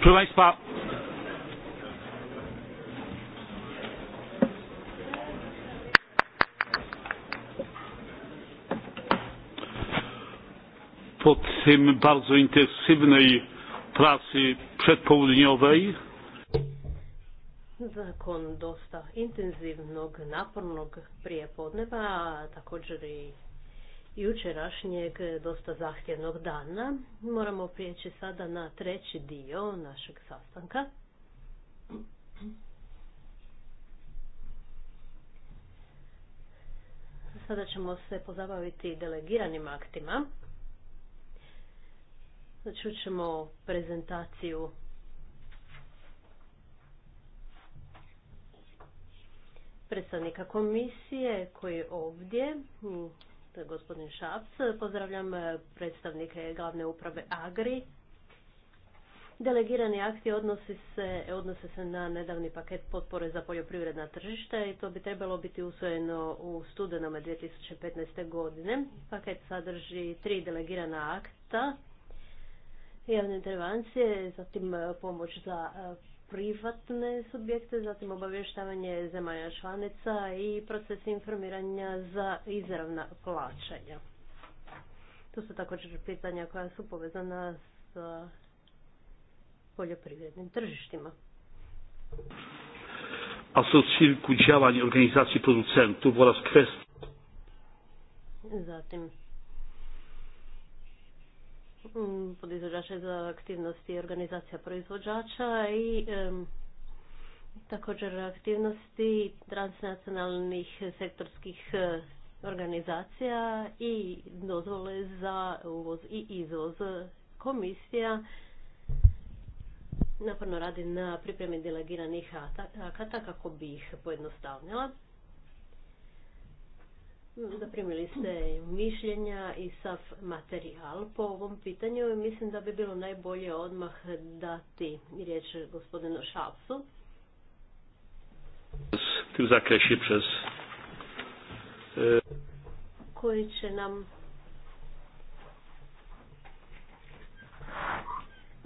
Proszę Państwa, po tym bardzo intensywnej pracy przedpołudniowej Zakon dosta intenzivnog, napornog prije a također i jučerašnjeg e, dosta zahtjevnog dana. Moramo prijeći sada na treći dio našeg sastanka. Sada ćemo se pozabaviti delegiranim aktima. Čućemo prezentaciju predstavnika komisije koji je ovdje gospodin Šaps. Pozdravljam e, predstavnike glavne uprave Agri. Delegirani akti odnose se na nedavni paket potpore za poljoprivredna tržišta i to bi trebalo biti usvojeno u studenome 2015. godine. Paket sadrži tri delegirana akta, javne intervencije, zatim e, pomoć za e, privatne subjekte, zatim obavještavanje zemalja članica i proces informiranja za izravna plaćanja. To su također pitanja koja su povezana s poljoprivrednim tržištima. A su organizacije Zatim, Mm, podizvođača za aktivnosti i organizacija proizvođača i također aktivnosti transnacionalnih sektorskih e, organizacija i dozvole za uvoz i izvoz. Komisija naporno radi na pripremi delegiranih akata kako bi ih pojednostavnila. Zaprimili ste mišljenja i sav materijal po ovom pitanju mislim da bi bilo najbolje odmah dati riječ gospodinu Šapsu. E, Koji će nam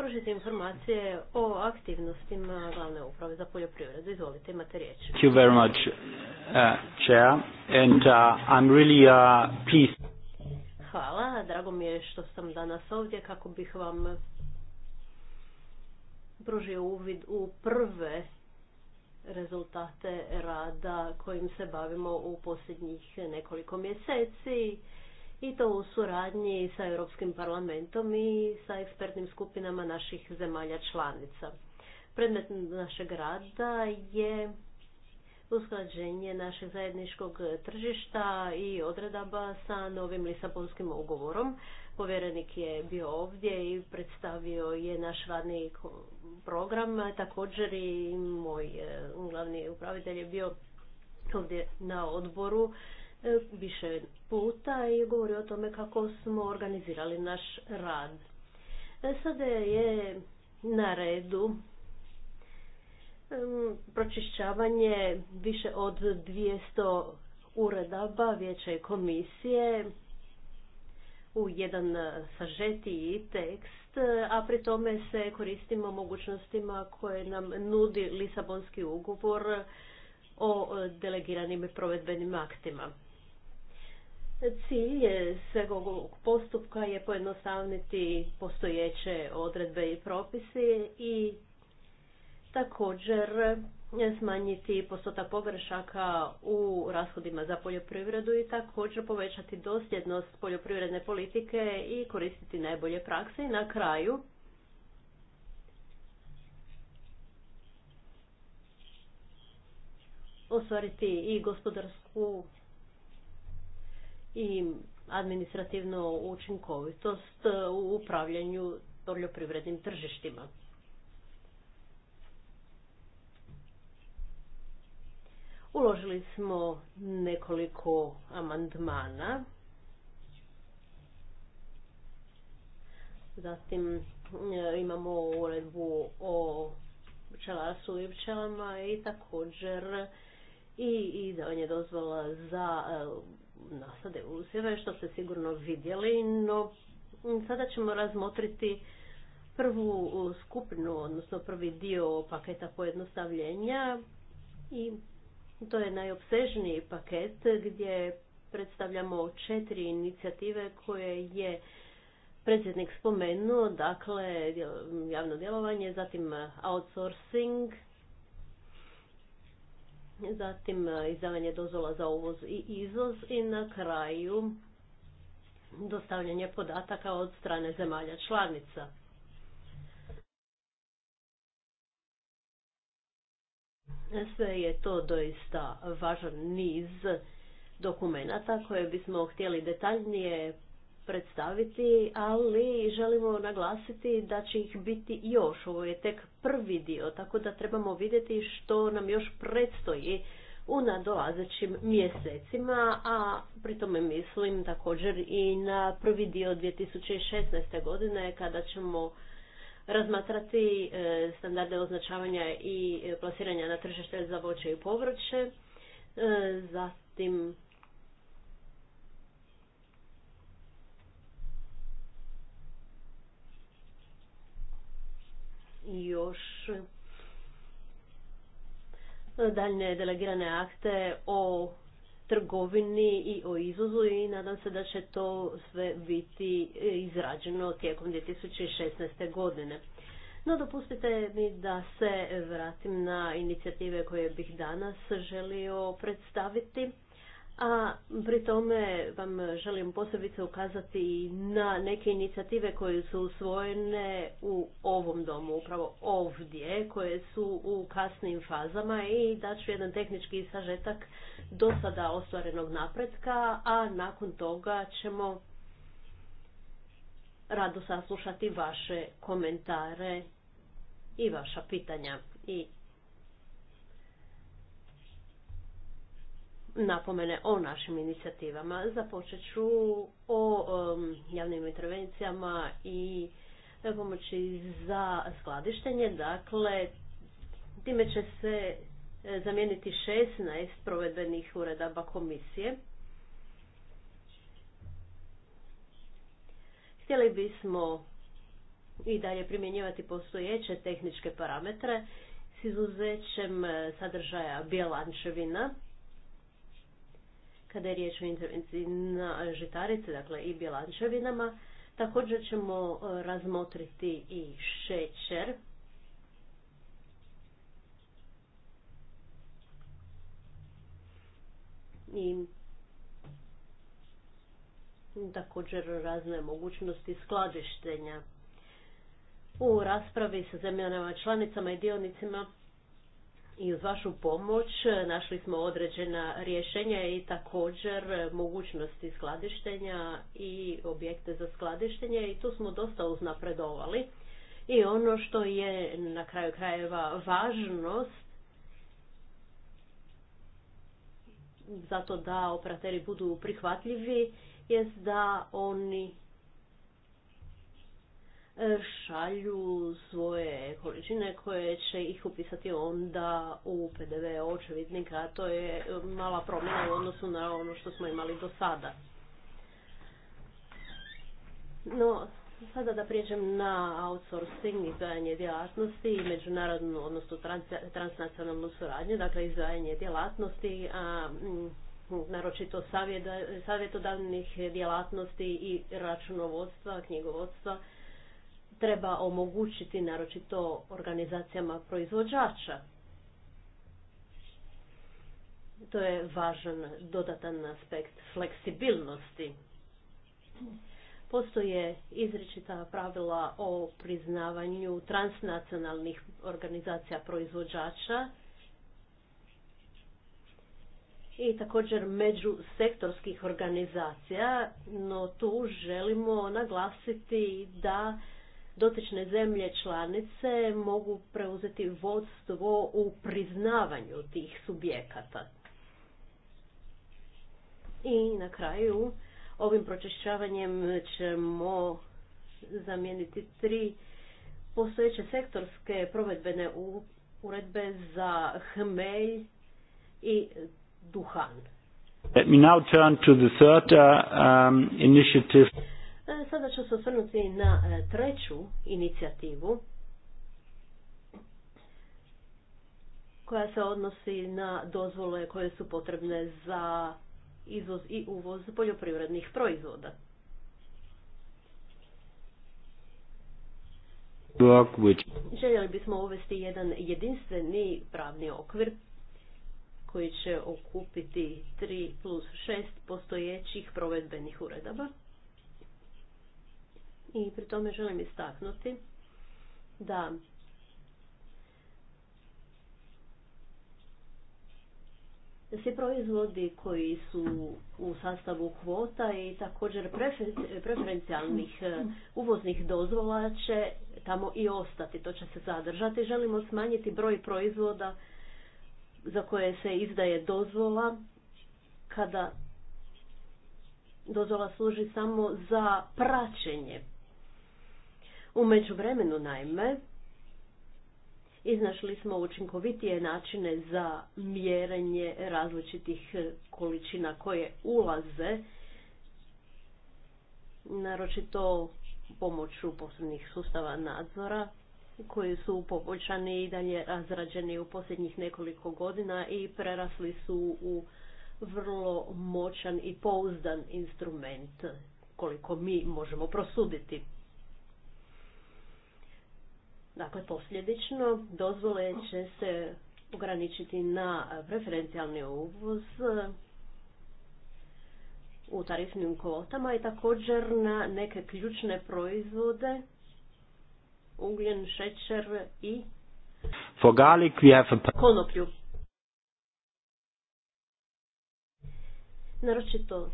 pružiti informacije o aktivnostima glavne uprave za poljoprivredu. Izvolite, imate riječ. Thank you very much, uh, Chair. And uh, I'm really uh, pleased. Hvala, drago mi je što sam danas ovdje kako bih vam pružio uvid u prve rezultate rada kojim se bavimo u posljednjih nekoliko mjeseci i to u suradnji sa Europskim parlamentom i sa ekspertnim skupinama naših zemalja članica. Predmet našeg rada je usklađenje našeg zajedničkog tržišta i odredaba sa novim Lisabonskim ugovorom. Povjerenik je bio ovdje i predstavio je naš radni program. Također i moj e, glavni upravitelj je bio ovdje na odboru E, više puta i govori o tome kako smo organizirali naš rad. E, sada je na redu pročišćavanje više od 200 uredaba Vijeće komisije u jedan sažetiji tekst, a pri tome se koristimo mogućnostima koje nam nudi Lisabonski ugovor o delegiranim provedbenim aktima. Cilj sveg ovog postupka je pojednostavniti postojeće odredbe i propise i također smanjiti postotak pogrešaka u rashodima za poljoprivredu i također povećati dosljednost poljoprivredne politike i koristiti najbolje prakse. na kraju ostvariti i gospodarsku i administrativnu učinkovitost e, u upravljanju poljoprivrednim tržištima. Uložili smo nekoliko amandmana. Zatim e, imamo uredbu o pčelarstvu i pčelama i također i izdavanje dozvola za e, nasade usjeve, što ste sigurno vidjeli, no sada ćemo razmotriti prvu skupinu, odnosno prvi dio paketa pojednostavljenja i to je najopsežniji paket gdje predstavljamo četiri inicijative koje je predsjednik spomenuo, dakle javno djelovanje, zatim outsourcing, zatim e, izdavanje dozvola za uvoz i izvoz i na kraju dostavljanje podataka od strane zemalja članica. Sve je to doista važan niz dokumenata koje bismo htjeli detaljnije predstaviti, ali želimo naglasiti da će ih biti još. Ovo je tek prvi dio, tako da trebamo vidjeti što nam još predstoji u nadolazećim mjesecima, a pri tome mislim također i na prvi dio 2016. godine kada ćemo razmatrati e, standarde označavanja i e, plasiranja na tržište za voće i povrće, e, zatim još e, daljne delegirane akte o trgovini i o izuzu i nadam se da će to sve biti e, izrađeno tijekom 2016. godine. No dopustite mi da se vratim na inicijative koje bih danas želio predstaviti a pri tome vam želim posebice ukazati na neke inicijative koje su usvojene u ovom domu, upravo ovdje, koje su u kasnim fazama i daću jedan tehnički sažetak do sada ostvarenog napretka, a nakon toga ćemo rado saslušati vaše komentare i vaša pitanja i napomene o našim inicijativama. Započet ću o javnim intervencijama i pomoći za skladištenje. Dakle, time će se e, zamijeniti 16 provedbenih uredaba komisije. Htjeli bismo i dalje primjenjivati postojeće tehničke parametre s izuzećem e, sadržaja bjelančevina, kada je riječ o intervenciji na žitarice, dakle i bjelančevinama, također ćemo e, razmotriti i šećer. I također razne mogućnosti skladištenja. U raspravi sa zemljama članicama i dionicima i uz vašu pomoć e, našli smo određena rješenja i također e, mogućnosti skladištenja i objekte za skladištenje i tu smo dosta uznapredovali. I ono što je na kraju krajeva važnost zato da operateri budu prihvatljivi jest da oni E, šalju svoje količine koje će ih upisati onda u PDV očevidnika, a to je e, mala promjena u odnosu na ono što smo imali do sada. No, sada da prijeđem na outsourcing, izdajanje djelatnosti i međunarodnu, odnosno transnacionalnu suradnju, dakle izdvajanje djelatnosti, a, naročito savjetodavnih djelatnosti i računovodstva, knjigovodstva, treba omogućiti naročito organizacijama proizvođača. To je važan dodatan aspekt fleksibilnosti. Postoje izričita pravila o priznavanju transnacionalnih organizacija proizvođača i također sektorskih organizacija, no tu želimo naglasiti da dotične zemlje članice mogu preuzeti vodstvo u priznavanju tih subjekata. I na kraju ovim pročišćavanjem ćemo zamijeniti tri postojeće sektorske provedbene uredbe za hmelj i duhan. Let me now turn to the third uh, um, initiative. E, sada ću se osvrnuti na e, treću inicijativu koja se odnosi na dozvole koje su potrebne za izvoz i uvoz poljoprivrednih proizvoda. Željeli bismo uvesti jedan jedinstveni pravni okvir koji će okupiti 3 plus 6 postojećih provedbenih uredaba. I pri tome želim istaknuti da svi proizvodi koji su u sastavu kvota i također preferencijalnih e, uvoznih dozvola će tamo i ostati, to će se zadržati. Želimo smanjiti broj proizvoda za koje se izdaje dozvola kada dozvola služi samo za praćenje u međuvremenu naime, iznašli smo učinkovitije načine za mjerenje različitih e, količina koje ulaze, naročito pomoću posebnih sustava nadzora koji su poboljšani i dalje razrađeni u posljednjih nekoliko godina i prerasli su u vrlo moćan i pouzdan instrument koliko mi možemo prosuditi. Dakle, posljedično dozvole će se ograničiti na preferencijalni uvoz u tarifnim kvotama i također na neke ključne proizvode ugljen, šećer i konoplju. Naročito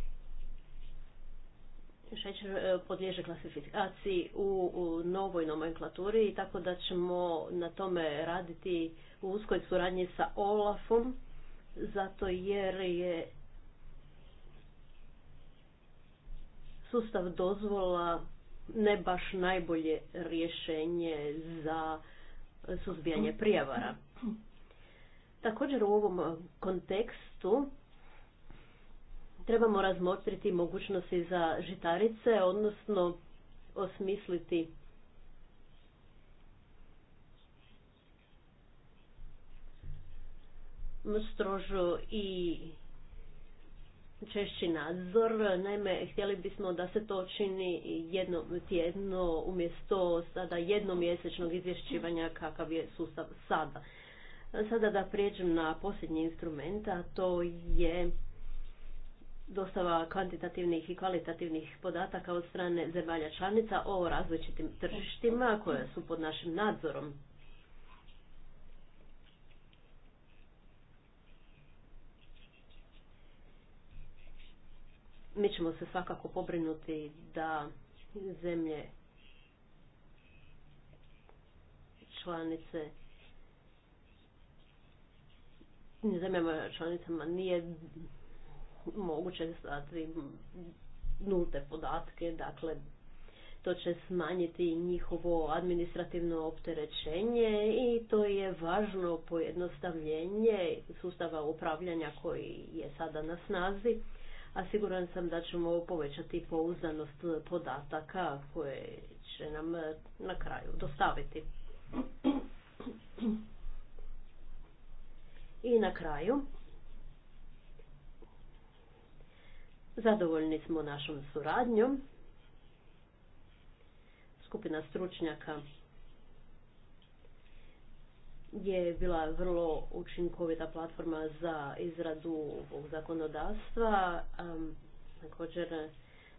šećer e, podliježe klasifikaciji u, novoj nomenklaturi, i tako da ćemo na tome raditi u uskoj suradnji sa Olafom, zato jer je sustav dozvola ne baš najbolje rješenje za suzbijanje prijevara. Također u ovom kontekstu trebamo razmotriti mogućnosti za žitarice, odnosno osmisliti strožo i češći nadzor. Naime, htjeli bismo da se to čini jedno tjedno umjesto sada jednomjesečnog izvješćivanja kakav je sustav sada. Sada da prijeđem na posljednji instrument, a to je dostava kvantitativnih i kvalitativnih podataka od strane zemalja članica o različitim tržištima koje su pod našim nadzorom. Mi ćemo se svakako pobrinuti da zemlje članice zemljama članicama nije moguće tri nulte podatke, dakle to će smanjiti njihovo administrativno opterećenje i to je važno pojednostavljenje sustava upravljanja koji je sada na snazi, a siguran sam da ćemo povećati pouzdanost podataka koje će nam na kraju dostaviti. I na kraju, Zadovoljni smo našom suradnjom. Skupina stručnjaka je bila vrlo učinkovita platforma za izradu ovog zakonodavstva. Također,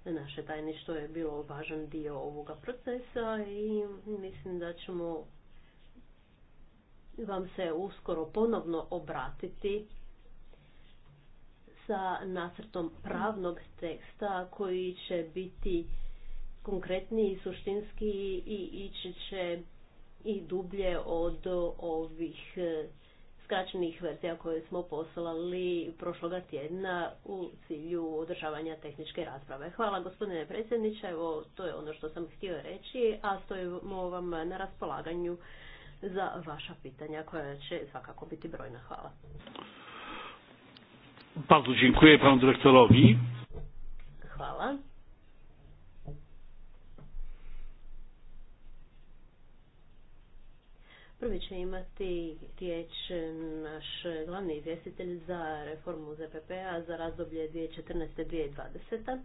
naše tajništvo je bilo važan dio ovoga procesa i mislim da ćemo vam se uskoro ponovno obratiti sa nacrtom pravnog teksta koji će biti konkretniji, suštinski i ići će i dublje od ovih e, skraćenih verzija koje smo poslali prošloga tjedna u cilju održavanja tehničke rasprave. Hvala gospodine predsjedniče, evo to je ono što sam htio reći, a stojimo vam na raspolaganju za vaša pitanja koja će svakako biti brojna. Hvala. Bardzo dziękuję panu dyrektorowi. Hvala. Prvi će imati riječ naš glavni izvjestitelj za reformu ZPP-a za razdoblje 2014-2020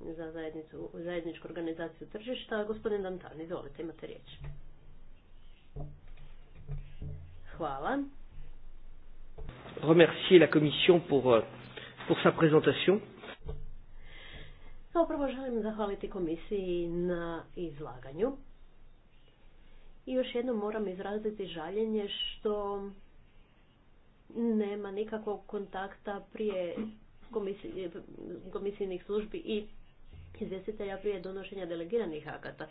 za zajedničku organizaciju tržišta. Gospodin Dantan, izvolite, imate riječ. Hvala remercier la Commission pour, euh, pour sa présentation. Kao prvo želim zahvaliti komisiji na izlaganju. I još jednom moram izraziti žaljenje što nema nikakvog kontakta prije komisij, komisijnih službi i izvjestitelja prije donošenja delegiranih akata.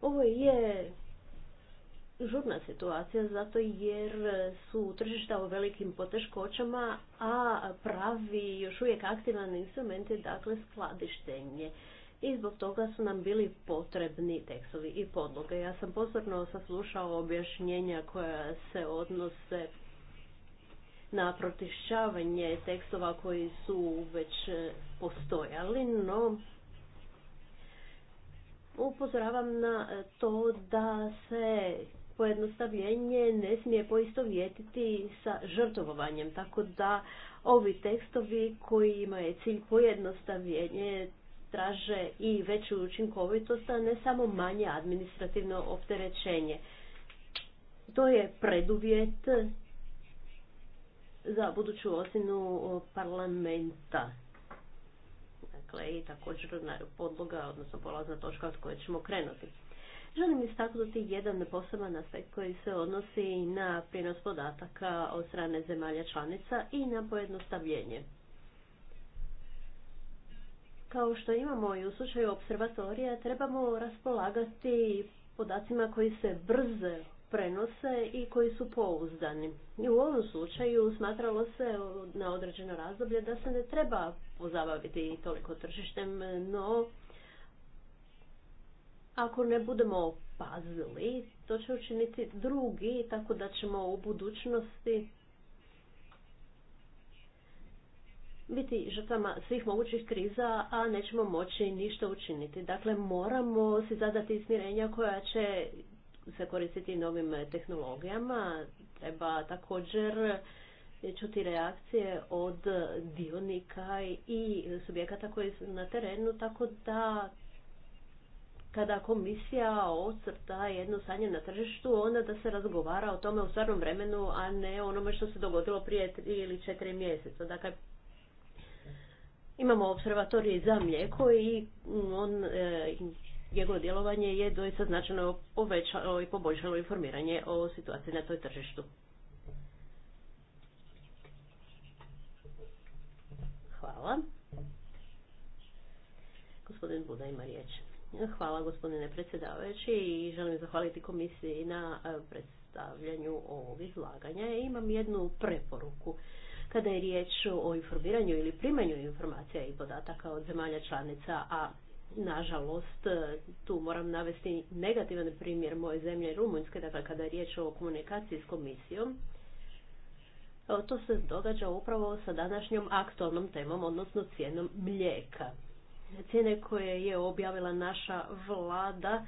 Ovo je žurna situacija zato jer su tržišta u velikim poteškoćama, a pravi još uvijek aktivan instrument je dakle skladištenje. I zbog toga su nam bili potrebni tekstovi i podloge. Ja sam pozorno saslušao objašnjenja koja se odnose na protišćavanje tekstova koji su već postojali, no upozoravam na to da se pojednostavljenje ne smije poistovjetiti sa žrtvovanjem, tako da ovi tekstovi koji imaju cilj pojednostavljenje traže i veću učinkovitost, a ne samo manje administrativno opterećenje. To je preduvjet za buduću osinu parlamenta. Dakle, i također podloga, odnosno polazna točka od koje ćemo krenuti. Želim istaknuti jedan poseban aspekt koji se odnosi na prijenos podataka od strane zemalja članica i na pojednostavljenje. Kao što imamo i u slučaju observatorija, trebamo raspolagati podacima koji se brze prenose i koji su pouzdani. I u ovom slučaju smatralo se na određeno razdoblje da se ne treba pozabaviti toliko tržištem, no ako ne budemo pazili, to će učiniti drugi, tako da ćemo u budućnosti biti žrtvama svih mogućih kriza, a nećemo moći ništa učiniti. Dakle, moramo si zadati ismirenja koja će se koristiti novim tehnologijama. Treba također čuti reakcije od dionika i subjekata koji su na terenu, tako da kada komisija ocrta jedno sanje na tržištu, onda da se razgovara o tome u stvarnom vremenu, a ne onome što se dogodilo prije tri ili četiri mjeseca. Dakle, imamo observatorij za mlijeko i mm, on, e, njegovo djelovanje je doista značajno povećalo i poboljšalo informiranje o situaciji na toj tržištu. Hvala. Gospodin Buda ima riječ. Hvala gospodine predsjedavajući i želim zahvaliti komisiji na e, predstavljanju ovog izlaganja. Imam jednu preporuku. Kada je riječ o informiranju ili primanju informacija i podataka od zemalja članica, a nažalost e, tu moram navesti negativan primjer moje zemlje Rumunjske, dakle kada je riječ o komunikaciji s komisijom, e, to se događa upravo sa današnjom aktualnom temom, odnosno cijenom mlijeka. Cijene koje je objavila naša vlada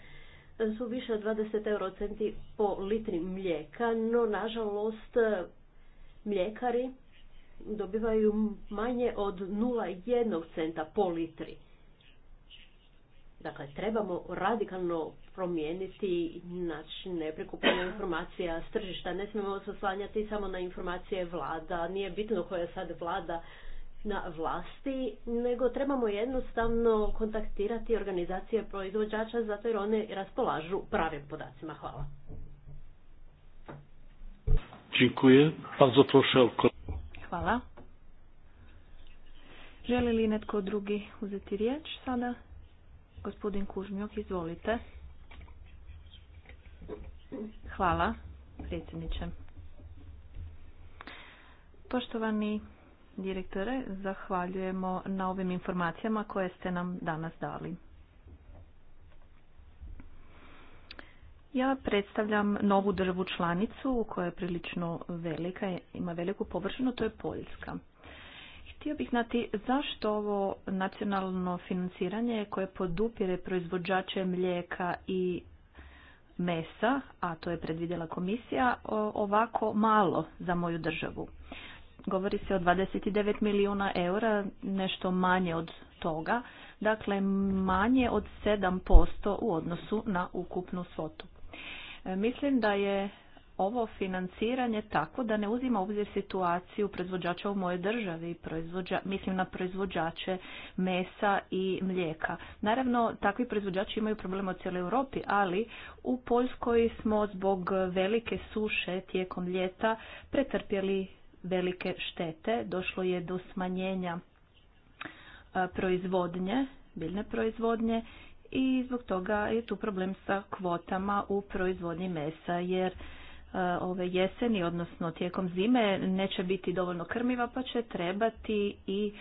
e, su više od 20 centi po litri mlijeka, no nažalost mljekari dobivaju manje od 0,1 centa po litri. Dakle, trebamo radikalno promijeniti način prikupljanja informacija s tržišta. Ne smijemo se oslanjati samo na informacije vlada. Nije bitno koja je sad vlada na vlasti, nego trebamo jednostavno kontaktirati organizacije proizvođača zato jer one raspolažu pravim podacima. Hvala. Dziękuję. Hvala. Želi li netko drugi uzeti riječ sada? Gospodin Kužmjok, izvolite. Hvala, predsjedniče. Poštovani direktore, zahvaljujemo na ovim informacijama koje ste nam danas dali. Ja predstavljam novu državu članicu koja je prilično velika, ima veliku površinu, to je Poljska. Htio bih znati zašto ovo nacionalno financiranje koje podupire proizvođače mlijeka i mesa, a to je predvidjela komisija, ovako malo za moju državu govori se o 29 milijuna eura, nešto manje od toga, dakle manje od 7% u odnosu na ukupnu svotu. E, mislim da je ovo financiranje tako da ne uzima u obzir situaciju proizvođača u mojoj državi, mislim na proizvođače mesa i mlijeka. Naravno, takvi proizvođači imaju problem u cijeloj Europi, ali u Poljskoj smo zbog velike suše tijekom ljeta pretrpjeli velike štete. Došlo je do smanjenja proizvodnje, biljne proizvodnje i zbog toga je tu problem sa kvotama u proizvodnji mesa jer E, ove jeseni, odnosno tijekom zime, neće biti dovoljno krmiva pa će trebati i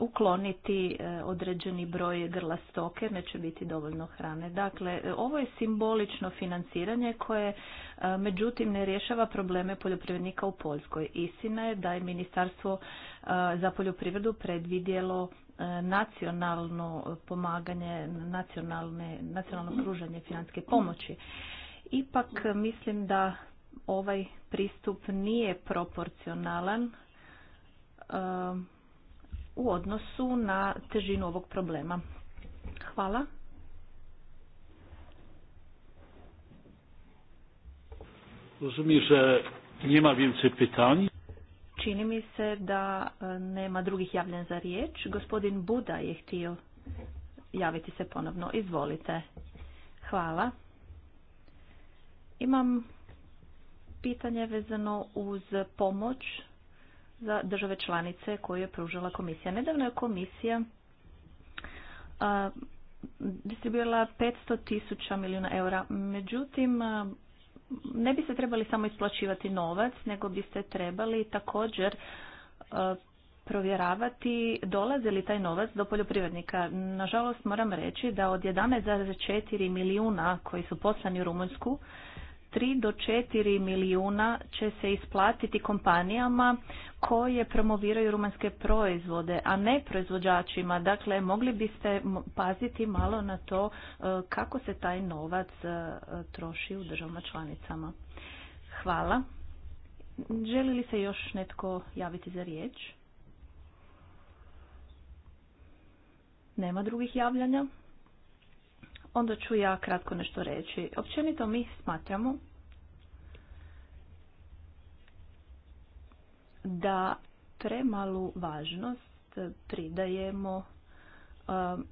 ukloniti e, određeni broj grla stoke, neće biti dovoljno hrane. Dakle, ovo je simbolično financiranje koje e, međutim ne rješava probleme poljoprivrednika u Poljskoj. Istina je da je Ministarstvo za poljoprivredu predvidjelo nacionalno pomaganje, nacionalne, nacionalno pružanje financijske pomoći. Ipak mislim da ovaj pristup nije proporcionalan um, u odnosu na težinu ovog problema. Hvala. Čini mi se da e, nema drugih javljanja za riječ. Gospodin Buda je htio javiti se ponovno. Izvolite. Hvala. Imam pitanje vezano uz pomoć za države članice koju je pružila komisija. Nedavno je komisija distribuirala 500 tisuća milijuna eura. Međutim, ne bi se trebali samo isplaćivati novac, nego biste trebali također provjeravati dolazi li taj novac do poljoprivrednika. Nažalost moram reći da od 11,4 milijuna koji su poslani u Rumunjsku, 3 do 4 milijuna će se isplatiti kompanijama koje promoviraju rumanske proizvode, a ne proizvođačima. Dakle, mogli biste paziti malo na to e, kako se taj novac e, troši u državama članicama. Hvala. Želi li se još netko javiti za riječ? Nema drugih javljanja onda ću ja kratko nešto reći. Općenito mi smatramo da premalu važnost pridajemo um,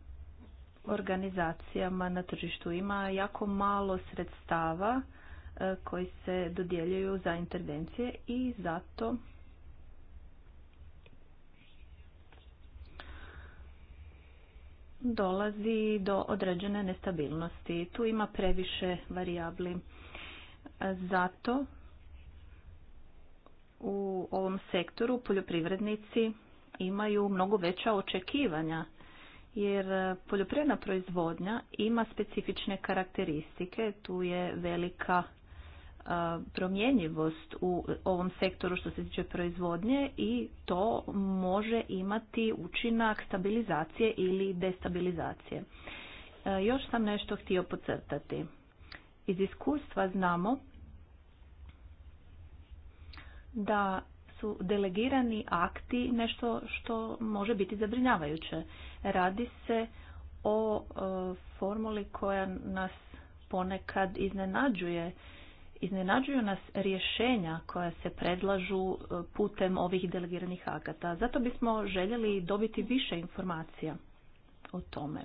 organizacijama na tržištu. Ima jako malo sredstava uh, koji se dodjeljuju za intervencije i zato dolazi do određene nestabilnosti. Tu ima previše varijabli. Zato u ovom sektoru poljoprivrednici imaju mnogo veća očekivanja jer poljoprivredna proizvodnja ima specifične karakteristike, tu je velika promjenjivost u ovom sektoru što se tiče proizvodnje i to može imati učinak stabilizacije ili destabilizacije. Još sam nešto htio pocrtati. Iz iskustva znamo da su delegirani akti nešto što može biti zabrinjavajuće. Radi se o e, formuli koja nas ponekad iznenađuje Iznenađuju nas rješenja koja se predlažu e, putem ovih delegiranih akata. Zato bismo željeli dobiti više informacija o tome.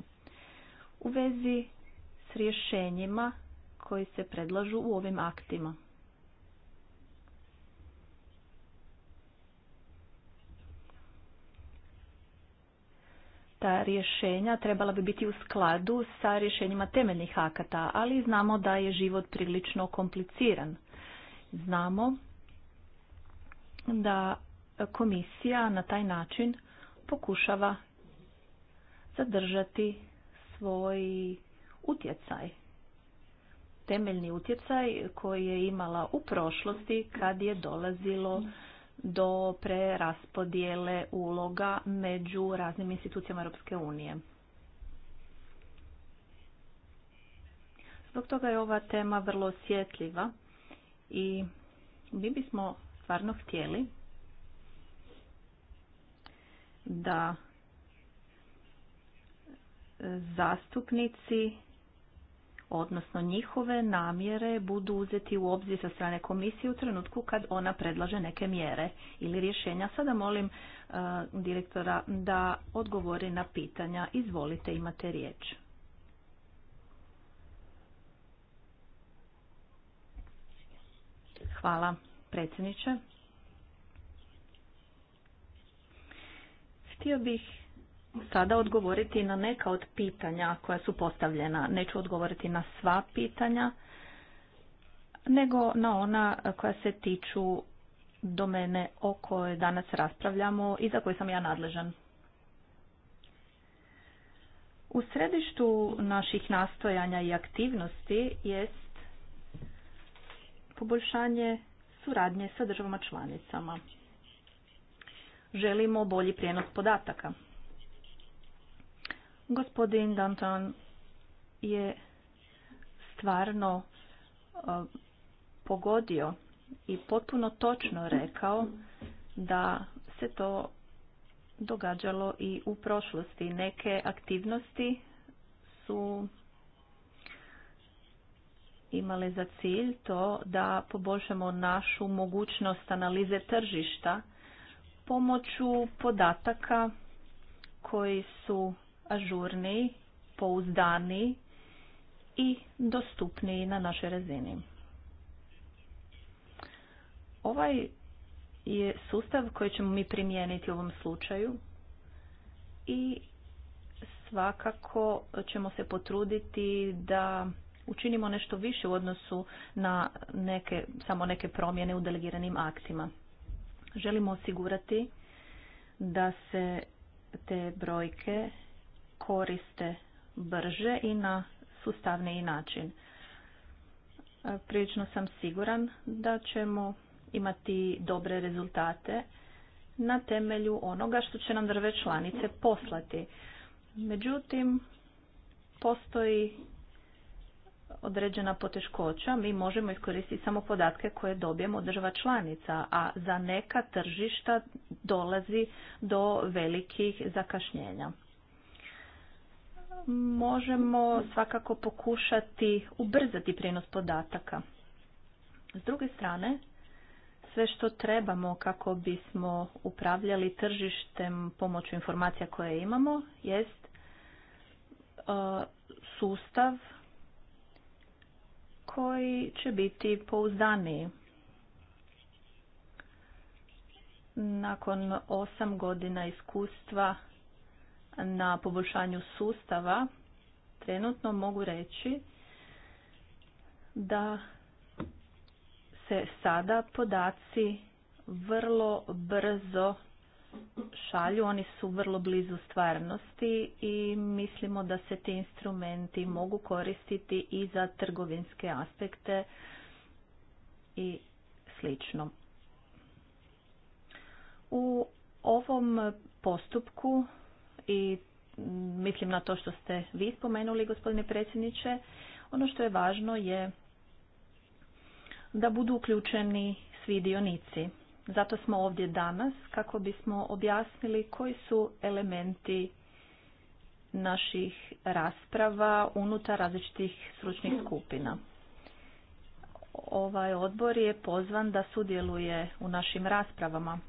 U vezi s rješenjima koji se predlažu u ovim aktima. ta rješenja trebala bi biti u skladu sa rješenjima temeljnih akata, ali znamo da je život prilično kompliciran. Znamo da komisija na taj način pokušava zadržati svoj utjecaj. Temeljni utjecaj koji je imala u prošlosti kad je dolazilo do preraspodjele uloga među raznim institucijama Europske unije. Zbog toga je ova tema vrlo osjetljiva i mi bismo stvarno htjeli da zastupnici odnosno njihove namjere budu uzeti u obzir sa strane komisije u trenutku kad ona predlaže neke mjere ili rješenja. Sada molim e, direktora da odgovori na pitanja. Izvolite, imate riječ. Hvala, predsjedniče. Htio bih sada odgovoriti na neka od pitanja koja su postavljena. Neću odgovoriti na sva pitanja, nego na ona koja se tiču domene o kojoj danas raspravljamo i za koje sam ja nadležan. U središtu naših nastojanja i aktivnosti jest poboljšanje suradnje sa državama članicama. Želimo bolji prijenos podataka. Gospodin Danton je stvarno e, pogodio i potpuno točno rekao da se to događalo i u prošlosti. Neke aktivnosti su imale za cilj to da poboljšamo našu mogućnost analize tržišta pomoću podataka koji su ažurniji, pouzdaniji i dostupniji na našoj razini. Ovaj je sustav koji ćemo mi primijeniti u ovom slučaju i svakako ćemo se potruditi da učinimo nešto više u odnosu na neke, samo neke promjene u delegiranim aktima. Želimo osigurati da se te brojke koriste brže i na sustavniji način. E, prilično sam siguran da ćemo imati dobre rezultate na temelju onoga što će nam drve članice poslati. Međutim, postoji određena poteškoća, mi možemo iskoristiti samo podatke koje dobijemo od država članica, a za neka tržišta dolazi do velikih zakašnjenja možemo svakako pokušati ubrzati prijenos podataka. S druge strane, sve što trebamo kako bismo upravljali tržištem pomoću informacija koje imamo jest e, sustav koji će biti pouzdaniji. Nakon osam godina iskustva na poboljšanju sustava, trenutno mogu reći da se sada podaci vrlo brzo šalju, oni su vrlo blizu stvarnosti i mislimo da se ti instrumenti mogu koristiti i za trgovinske aspekte i slično. U ovom postupku i mislim na to što ste vi spomenuli, gospodine predsjedniče. Ono što je važno je da budu uključeni svi dionici. Zato smo ovdje danas kako bismo objasnili koji su elementi naših rasprava unutar različitih stručnih skupina. Ovaj odbor je pozvan da sudjeluje u našim raspravama.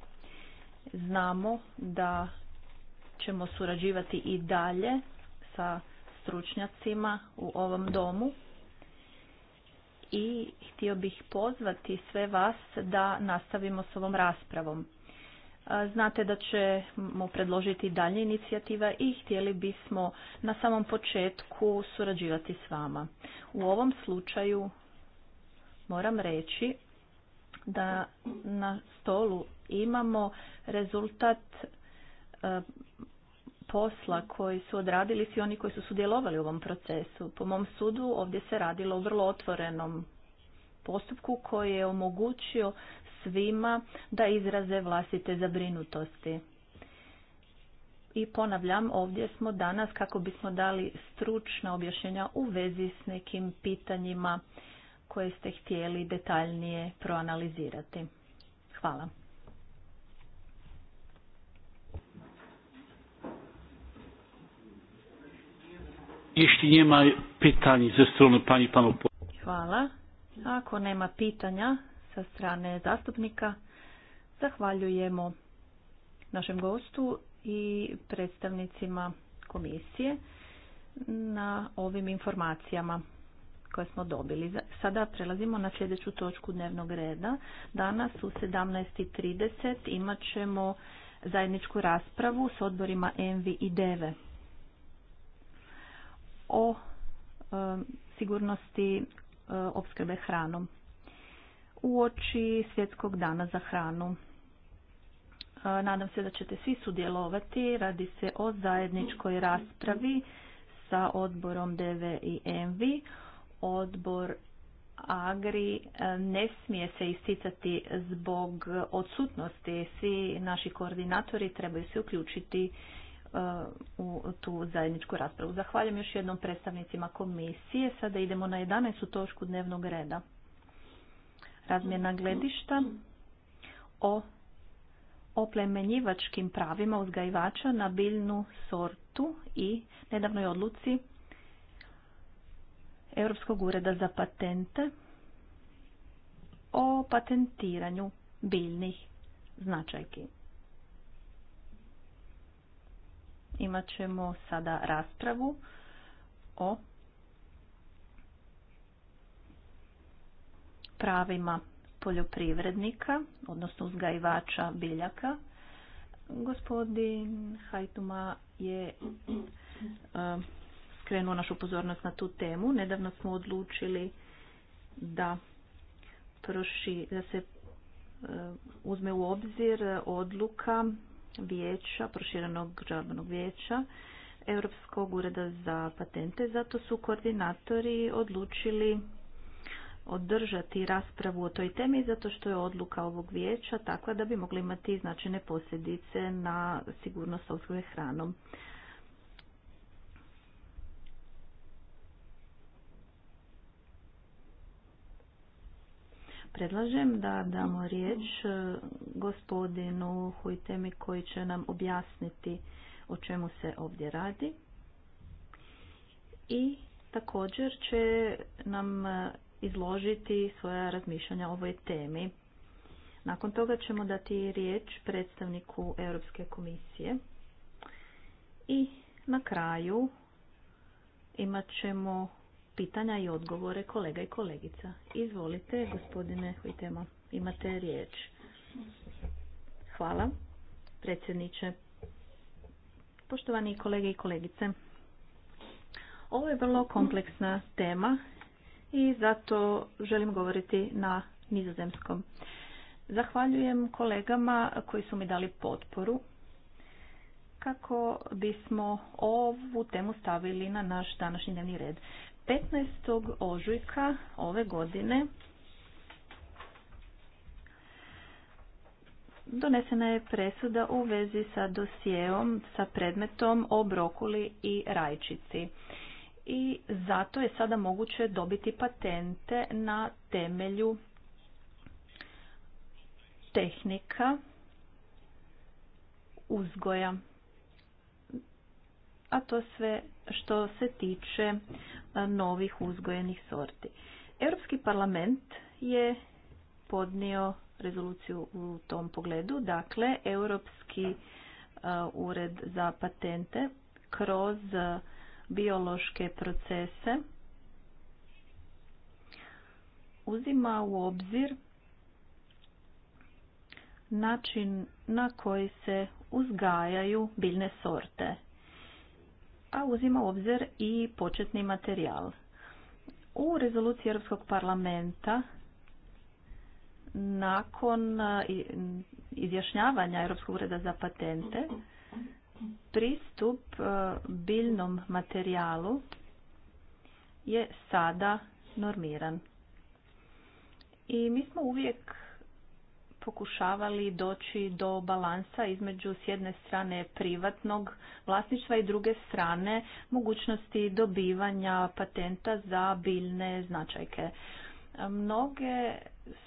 Znamo da ćemo surađivati i dalje sa stručnjacima u ovom domu i htio bih pozvati sve vas da nastavimo s ovom raspravom. Znate da ćemo predložiti dalje inicijativa i htjeli bismo na samom početku surađivati s vama. U ovom slučaju moram reći da na stolu imamo rezultat posla koji su odradili svi oni koji su sudjelovali u ovom procesu. Po mom sudu ovdje se radilo o vrlo otvorenom postupku koji je omogućio svima da izraze vlastite zabrinutosti. I ponavljam, ovdje smo danas kako bismo dali stručna objašnjenja u vezi s nekim pitanjima koje ste htjeli detaljnije proanalizirati. Hvala. pani Hvala. Ako nema pitanja sa strane zastupnika, zahvaljujemo našem gostu i predstavnicima komisije na ovim informacijama koje smo dobili. Sada prelazimo na sljedeću točku dnevnog reda. Danas u 17.30 imat ćemo zajedničku raspravu s odborima ENVI i DEVE o sigurnosti e, opskrbe hranom uoči svjetskog dana za hranu. E, nadam se da ćete svi sudjelovati. Radi se o zajedničkoj raspravi sa odborom DV i MV. Odbor Agri e, ne smije se isticati zbog odsutnosti. Svi naši koordinatori trebaju se uključiti E, u tu zajedničku raspravu. Zahvaljujem još jednom predstavnicima komisije. Sada idemo na 11. točku dnevnog reda. Razmjena gledišta o oplemenjivačkim pravima uzgajivača na biljnu sortu i nedavnoj odluci Europskog ureda za patente o patentiranju biljnih značajki. imat ćemo sada raspravu o pravima poljoprivrednika, odnosno uzgajivača biljaka. Gospodin Hajtuma je e, skrenuo našu pozornost na tu temu. Nedavno smo odlučili da, proši, da se e, uzme u obzir odluka vijeća, proširenog žalbenog vijeća Europskog ureda za patente. Zato su koordinatori odlučili održati raspravu o toj temi zato što je odluka ovog vijeća takva da bi mogli imati značajne posljedice na sigurnost opskrbe hranom. Predlažem da damo riječ e, gospodinu temi koji će nam objasniti o čemu se ovdje radi. I također će nam e, izložiti svoja razmišljanja o ovoj temi. Nakon toga ćemo dati riječ predstavniku Europske komisije. I na kraju imat ćemo pitanja i odgovore kolega i kolegica. Izvolite, gospodine Hvitema, imate riječ. Hvala, predsjedniče. Poštovani kolege i kolegice, ovo je vrlo kompleksna tema i zato želim govoriti na nizozemskom. Zahvaljujem kolegama koji su mi dali potporu kako bismo ovu temu stavili na naš današnji dnevni red. 15. ožujka ove godine donesena je presuda u vezi sa dosijeom sa predmetom o brokuli i rajčici. I zato je sada moguće dobiti patente na temelju tehnika uzgoja. A to sve što se tiče novih uzgojenih sorti. Europski parlament je podnio rezoluciju u tom pogledu, dakle Europski e, ured za patente kroz biološke procese uzima u obzir način na koji se uzgajaju biljne sorte a uzima u obzir i početni materijal. U rezoluciji Europskog parlamenta nakon e, izjašnjavanja Europskog ureda za patente pristup e, biljnom materijalu je sada normiran. I mi smo uvijek pokušavali doći do balansa između s jedne strane privatnog vlasništva i druge strane mogućnosti dobivanja patenta za biljne značajke. Mnoge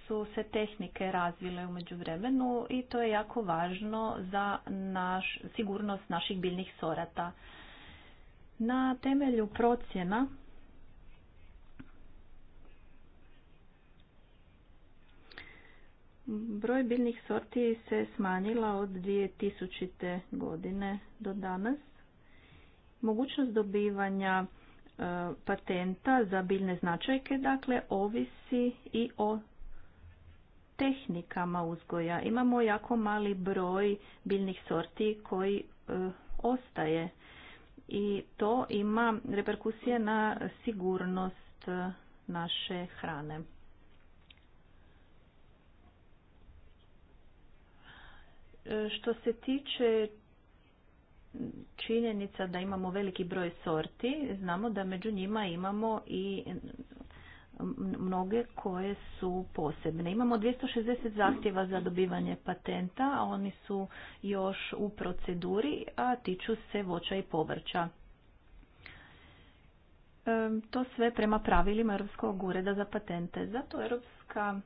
su se tehnike razvile u međuvremenu i to je jako važno za naš, sigurnost naših biljnih sorata. Na temelju procjena Broj biljnih sorti se smanjila od 2000. godine do danas. Mogućnost dobivanja e, patenta za biljne značajke dakle ovisi i o tehnikama uzgoja. Imamo jako mali broj biljnih sorti koji e, ostaje i to ima reperkusije na sigurnost e, naše hrane. Što se tiče činjenica da imamo veliki broj sorti, znamo da među njima imamo i mnoge koje su posebne. Imamo 260 zahtjeva za dobivanje patenta, a oni su još u proceduri, a tiču se voća i povrća. To sve prema pravilima Europskog ureda za patente. Zato Europska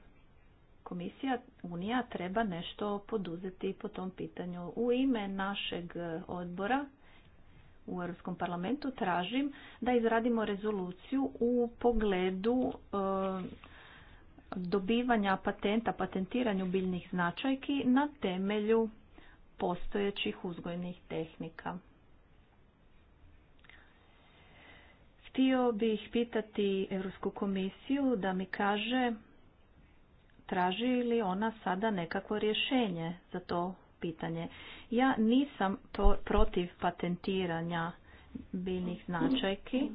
Komisija Unija treba nešto poduzeti po tom pitanju. U ime našeg odbora u Europskom parlamentu tražim da izradimo rezoluciju u pogledu e, dobivanja patenta, patentiranju biljnih značajki na temelju postojećih uzgojnih tehnika. Htio bih pitati Europsku komisiju da mi kaže traži li ona sada nekakvo rješenje za to pitanje. Ja nisam to protiv patentiranja biljnih značajki,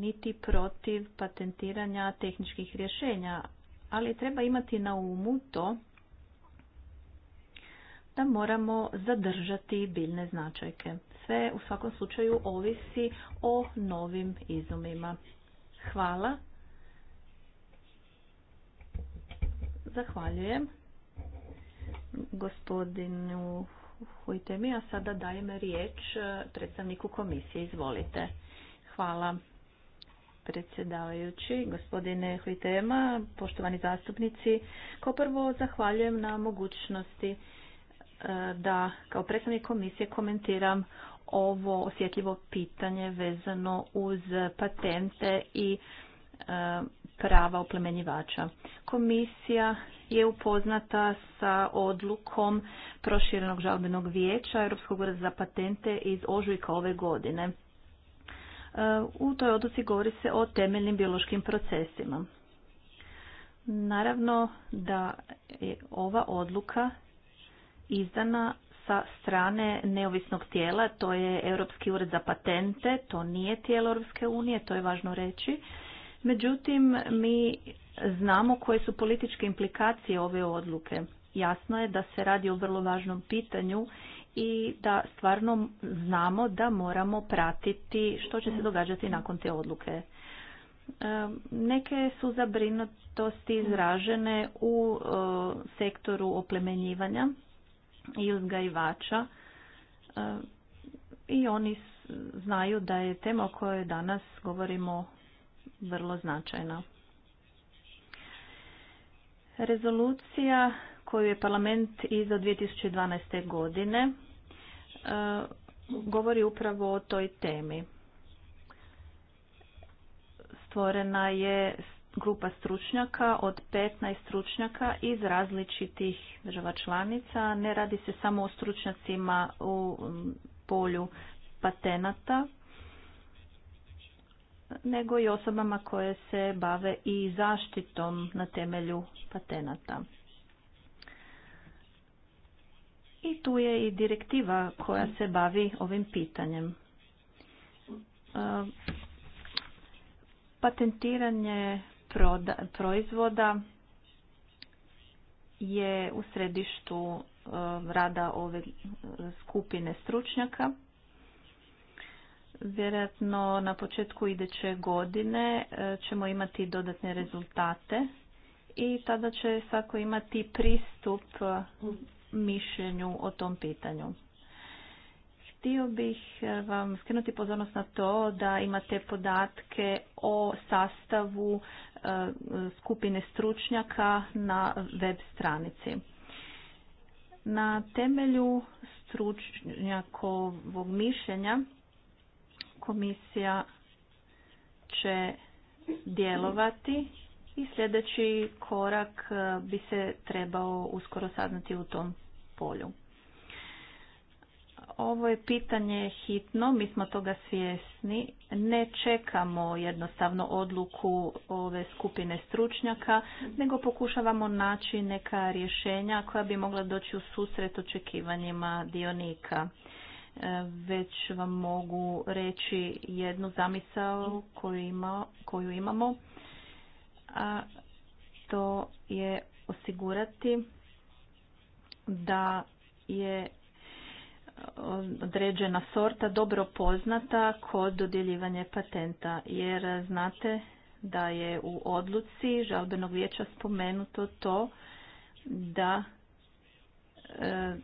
niti protiv patentiranja tehničkih rješenja, ali treba imati na umu to da moramo zadržati biljne značajke. Sve u svakom slučaju ovisi o novim izumima. Hvala. Zahvaljujem gospodinu Hujtemi, a sada dajem riječ e, predstavniku komisije. Izvolite. Hvala predsjedavajući, gospodine Hujtema, poštovani zastupnici. Kao prvo zahvaljujem na mogućnosti e, da kao predstavnik komisije komentiram ovo osjetljivo pitanje vezano uz patente i e, prava oplemenjivača. Komisija je upoznata sa odlukom proširenog žalbenog vijeća Europskog ureda za patente iz ožujka ove godine. E, u toj odluci govori se o temeljnim biološkim procesima. Naravno da je ova odluka izdana sa strane neovisnog tijela, to je Europski ured za patente, to nije tijelo Europske unije, to je važno reći. Međutim, mi znamo koje su političke implikacije ove odluke. Jasno je da se radi o vrlo važnom pitanju i da stvarno znamo da moramo pratiti što će se događati nakon te odluke. E, neke su zabrinutosti izražene u e, sektoru oplemenjivanja i uzgajivača e, i oni znaju da je tema o kojoj danas govorimo vrlo značajno. Rezolucija koju je parlament izdao 2012. godine e, govori upravo o toj temi. Stvorena je grupa stručnjaka od 15 stručnjaka iz različitih država članica. Ne radi se samo o stručnjacima u polju patenata, nego i osobama koje se bave i zaštitom na temelju patenata. I tu je i direktiva koja se bavi ovim pitanjem. E, patentiranje proizvoda je u središtu e, rada ove skupine stručnjaka Vjerojatno na početku ideće godine e, ćemo imati dodatne rezultate i tada će svako imati pristup mišljenju o tom pitanju. Htio bih e, vam skrenuti pozornost na to da imate podatke o sastavu e, skupine stručnjaka na web stranici. Na temelju stručnjakovog mišljenja komisija će djelovati i sljedeći korak e, bi se trebao uskoro saznati u tom polju. Ovo je pitanje hitno, mi smo toga svjesni. Ne čekamo jednostavno odluku ove skupine stručnjaka, nego pokušavamo naći neka rješenja koja bi mogla doći u susret očekivanjima dionika. E, već vam mogu reći jednu zamisao koju, koju imamo, a to je osigurati da je određena sorta dobro poznata kod dodjeljivanja patenta, jer znate da je u odluci žalbenog vijeća spomenuto to da e,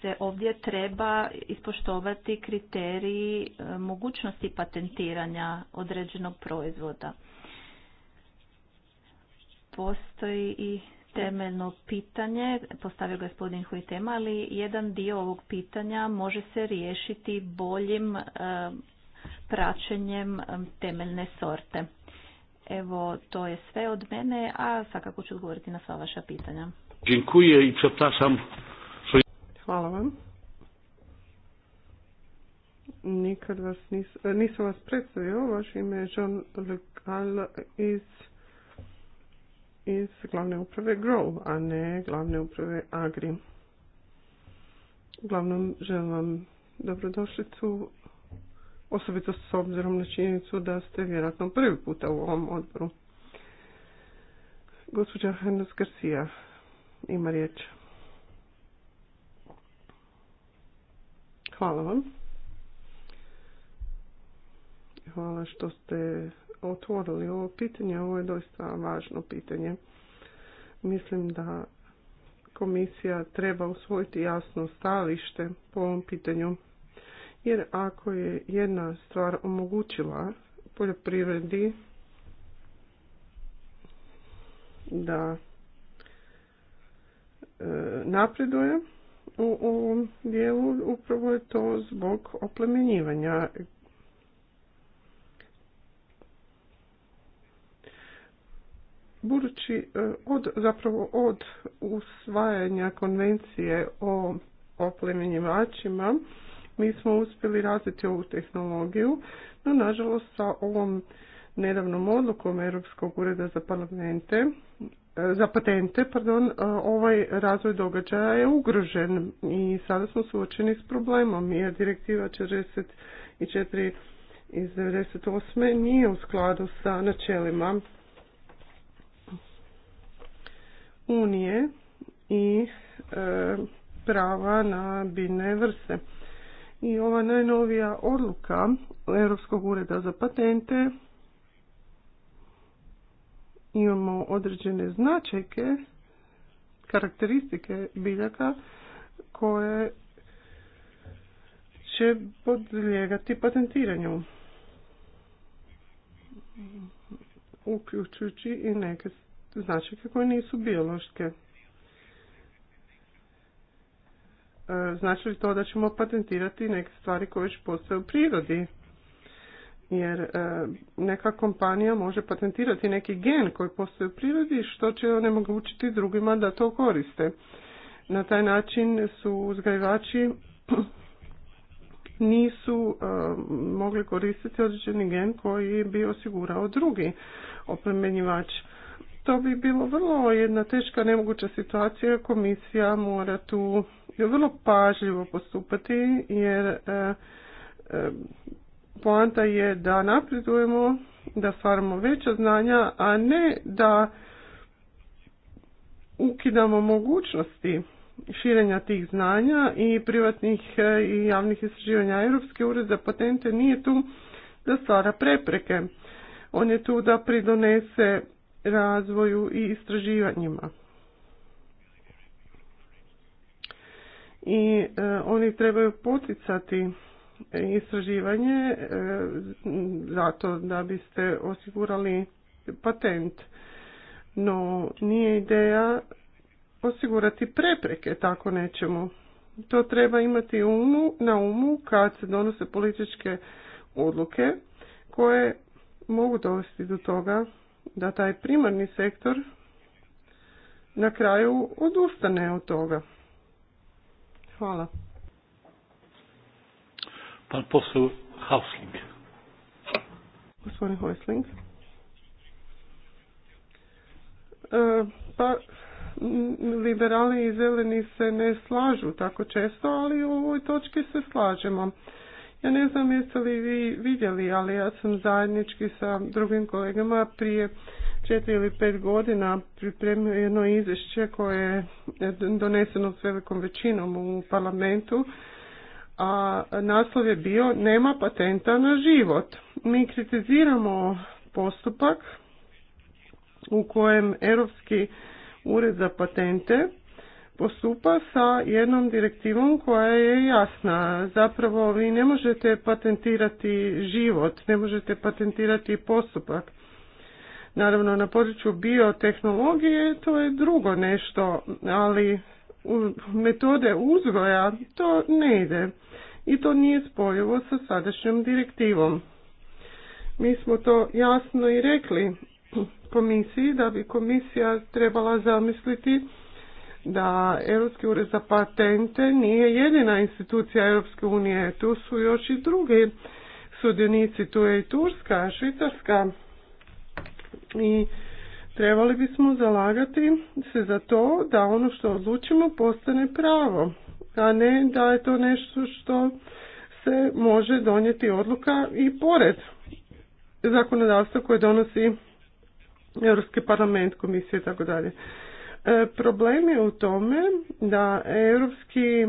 se ovdje treba ispoštovati kriteriji e, mogućnosti patentiranja određenog proizvoda. Postoji i temeljno pitanje, postavio gospodin Huitema, ali jedan dio ovog pitanja može se riješiti boljim e, praćenjem temeljne sorte. Evo, to je sve od mene, a svakako ću odgovoriti na sva vaša pitanja. Dziękuję i Hvala vam. Nikad vas nis, e, nisam vas predstavio. Vaš ime je John Legal iz, iz glavne uprave Grow, a ne glavne uprave Agri. Uglavnom želim vam dobrodošlicu, osobito s obzirom na činjenicu da ste vjerojatno prvi puta u ovom odboru. Gospođa Hennes Garcia ima riječ. Hvala vam. Hvala što ste otvorili ovo pitanje. Ovo je doista važno pitanje. Mislim da komisija treba usvojiti jasno stajalište po ovom pitanju. Jer ako je jedna stvar omogućila poljoprivredi da e, napreduje, u ovom dijelu upravo je to zbog oplemenjivanja. Budući e, od, zapravo od usvajanja konvencije o oplemenjivačima, mi smo uspjeli razviti ovu tehnologiju, no nažalost sa ovom nedavnom odlukom Europskog ureda za parlamente za patente, pardon, ovaj razvoj događaja je ugrožen i sada smo suočeni s problemom jer direktiva 44 iz 98. nije u skladu sa načelima Unije i e, prava na biljne vrste. I ova najnovija odluka Europskog ureda za patente imamo određene značajke, karakteristike biljaka koje će podlijegati patentiranju uključujući i neke značajke koje nisu biološke. E, znači li to da ćemo patentirati neke stvari koje već postoje u prirodi? jer e, neka kompanija može patentirati neki gen koji postoji u prirodi što će onemogućiti drugima da to koriste. Na taj način su uzgajivači nisu e, mogli koristiti određeni gen koji bi osigurao drugi oplemenjivač. To bi bilo vrlo jedna teška nemoguća situacija, komisija mora tu vrlo pažljivo postupati jer e, poanta je da napredujemo, da stvaramo veća znanja, a ne da ukidamo mogućnosti širenja tih znanja i privatnih e, i javnih istraživanja. Europski ured za patente nije tu da stvara prepreke. On je tu da pridonese razvoju i istraživanjima. I e, oni trebaju poticati istraživanje e, zato da biste osigurali patent. No nije ideja osigurati prepreke tako nećemo. To treba imati umu, na umu kad se donose političke odluke koje mogu dovesti do toga da taj primarni sektor na kraju odustane od toga. Hvala. Pan poseł Hausling. Hausling. E, pa, liberali i zeleni se ne slažu tako često, ali u ovoj točki se slažemo. Ja ne znam jeste li vi vidjeli, ali ja sam zajednički sa drugim kolegama prije četiri ili pet godina pripremio jedno izvješće koje je doneseno s velikom većinom u parlamentu a naslov je bio nema patenta na život. Mi kritiziramo postupak u kojem Europski ured za patente postupa sa jednom direktivom koja je jasna. Zapravo vi ne možete patentirati život, ne možete patentirati postupak. Naravno na području biotehnologije to je drugo nešto, ali metode uzgoja to ne ide i to nije spojivo sa sadašnjom direktivom. Mi smo to jasno i rekli komisiji da bi komisija trebala zamisliti da Europski ured za patente nije jedina institucija Europske unije, tu su još i drugi sudionici, tu je i Turska, Švicarska i trebali bismo zalagati se za to da ono što odlučimo postane pravo a ne da je to nešto što se može donijeti odluka i pored zakonodavstva koje donosi Europski parlament, komisija i tako dalje. E, problem je u tome da Europski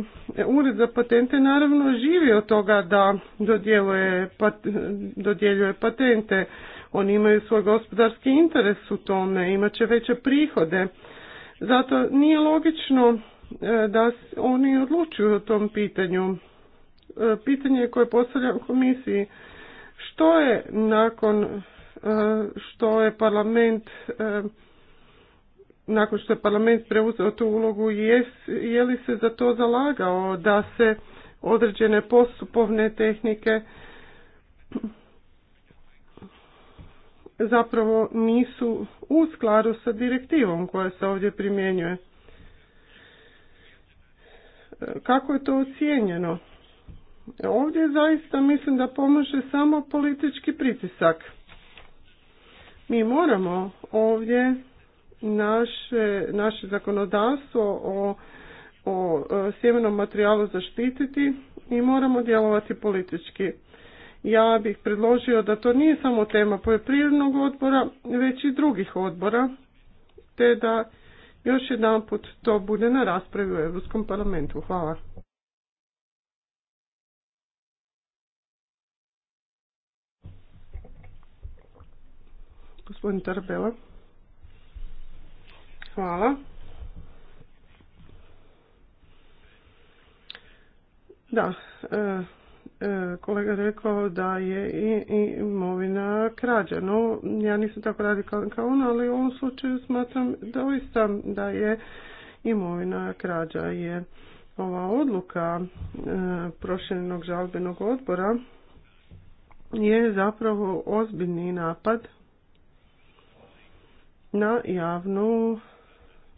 ured za patente naravno živi od toga da dodjeljuje, dodjeljuje patente. Oni imaju svoj gospodarski interes u tome, imat će veće prihode. Zato nije logično E, da oni odlučuju o tom pitanju. E, pitanje koje postavljam komisiji, što je nakon e, što je parlament nakon što je parlament preuzeo tu ulogu, je, je li se za to zalagao da se određene postupovne tehnike zapravo nisu u skladu sa direktivom koja se ovdje primjenjuje kako je to ocijenjeno? Ovdje zaista mislim da pomaže samo politički pritisak. Mi moramo ovdje naše, naše zakonodavstvo o, o e, sjemenom materijalu zaštititi i moramo djelovati politički. Ja bih predložio da to nije samo tema poljoprivrednog odbora, već i drugih odbora, te da još jedan put to bude na raspravi u Europskom parlamentu. Hvala. Gospodin Hvala. Da, e, E, kolega rekao da je i, imovina krađa. No, ja nisam tako radikalan kao on, ali u ovom slučaju smatram doista da je imovina krađa je ova odluka e, prošljenog žalbenog odbora je zapravo ozbiljni napad na javnu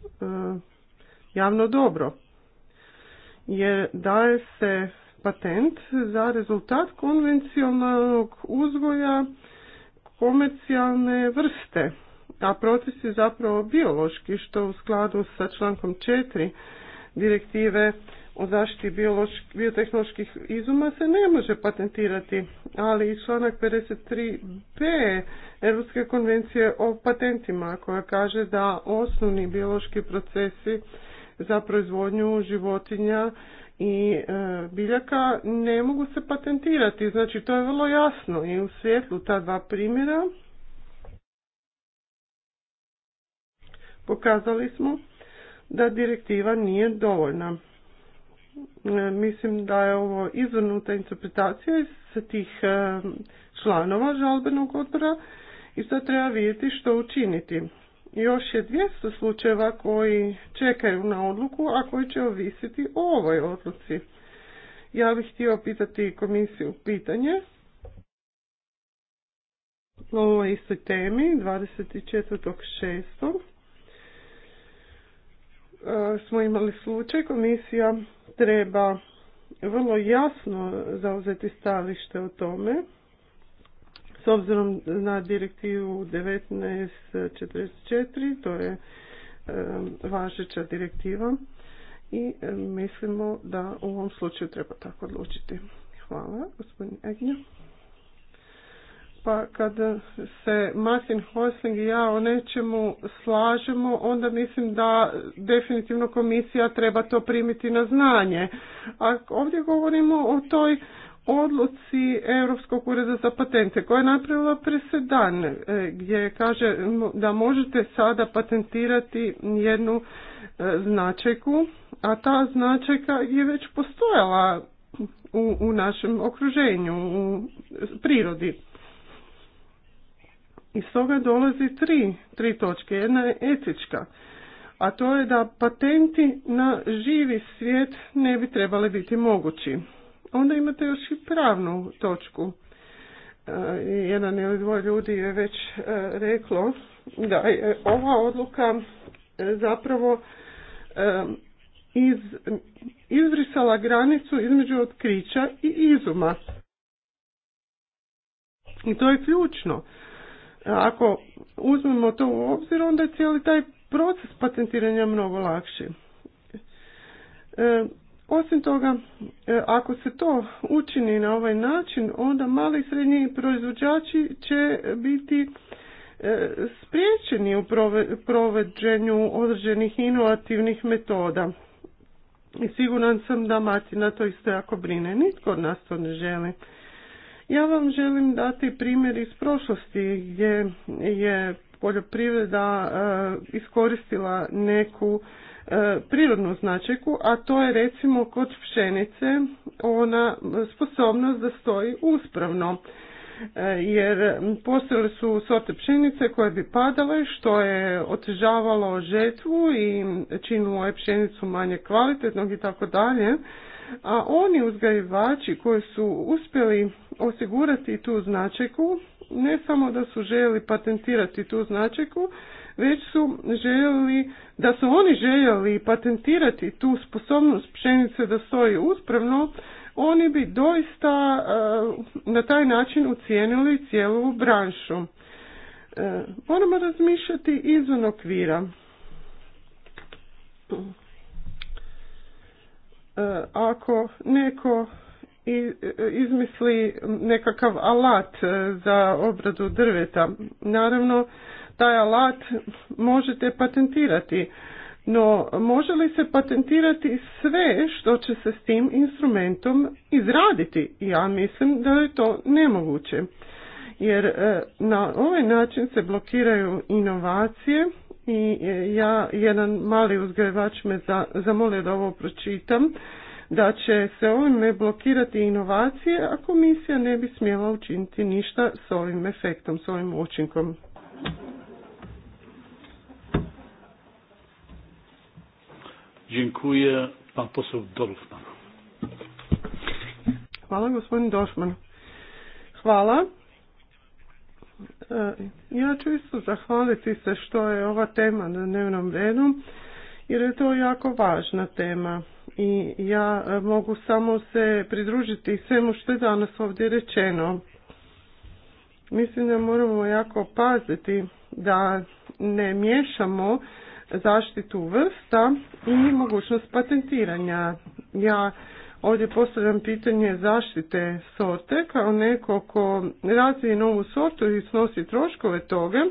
e, javno dobro jer daje se patent za rezultat konvencionalnog uzgoja komercijalne vrste, a proces je zapravo biološki, što u skladu sa člankom 4 direktive o zaštiti biotehnoloških izuma se ne može patentirati, ali i članak 53b Europske konvencije o patentima koja kaže da osnovni biološki procesi za proizvodnju životinja i e, biljaka ne mogu se patentirati. Znači to je vrlo jasno i u svjetlu ta dva primjera pokazali smo da direktiva nije dovoljna. E, mislim da je ovo izvrnuta interpretacija iz tih e, članova žalbenog odbora i sad treba vidjeti što učiniti još je 200 slučajeva koji čekaju na odluku, a koji će ovisiti o ovoj odluci. Ja bih htio pitati komisiju pitanje o ovoj istoj temi 24.6. E, smo imali slučaj, komisija treba vrlo jasno zauzeti stavište o tome s obzirom na direktivu 1944, to je važeća direktiva i mislimo da u ovom slučaju treba tako odlučiti. Hvala, gospodin Egnja. Pa kad se Martin Hosling i ja o nečemu slažemo, onda mislim da definitivno komisija treba to primiti na znanje. A ovdje govorimo o toj odluci Europskog ureda za patente koja je napravila presedan e, gdje kaže da možete sada patentirati jednu e, značajku, a ta značajka je već postojala u, u našem okruženju, u prirodi. Iz toga dolazi tri, tri točke. Jedna je etička, a to je da patenti na živi svijet ne bi trebali biti mogući onda imate još i pravnu točku. E, jedan ili dvoje ljudi je već e, reklo da je ova odluka e, zapravo iz, izbrisala granicu između otkrića i izuma. I to je ključno. Ako uzmemo to u obzir, onda je cijeli taj proces patentiranja mnogo lakši. Osim toga, e, ako se to učini na ovaj način, onda mali i srednji proizvođači će biti e, spriječeni u provođenju određenih inovativnih metoda. I siguran sam da na to isto jako brine. Nitko od nas to ne želi. Ja vam želim dati primjer iz prošlosti gdje je poljoprivreda e, iskoristila neku E, prirodnu značajku, a to je recimo kod pšenice ona sposobnost da stoji uspravno e, jer postojale su sorte pšenice koje bi padale što je otežavalo žetvu i činilo ovaj je pšenicu manje kvalitetnog i tako dalje. A oni uzgajivači koji su uspjeli osigurati tu značajku, ne samo da su želi patentirati tu značajku, već su željeli, da su oni željeli patentirati tu sposobnost pšenice da stoji uspravno, oni bi doista e, na taj način ucijenili cijelu branšu. E, moramo razmišljati izvan okvira. E, ako neko izmisli nekakav alat za obradu drveta, naravno taj alat možete patentirati. No, može li se patentirati sve što će se s tim instrumentom izraditi? Ja mislim da je to nemoguće. Jer e, na ovaj način se blokiraju inovacije i e, ja, jedan mali uzgajivač me zamolio da ovo pročitam, da će se ovime blokirati inovacije, a komisija ne bi smjela učiniti ništa s ovim efektom, s ovim učinkom. Dziękuję. Pan poseł Dorfman. Hvala gospodin Došman. Hvala. E, ja ću isto zahvaliti se što je ova tema na dnevnom redu jer je to jako važna tema i ja e, mogu samo se pridružiti svemu što je danas ovdje rečeno. Mislim da moramo jako paziti da ne miješamo zaštitu vrsta i mogućnost patentiranja. Ja ovdje postavljam pitanje zaštite sorte kao neko ko razvije novu sortu i snosi troškove toga.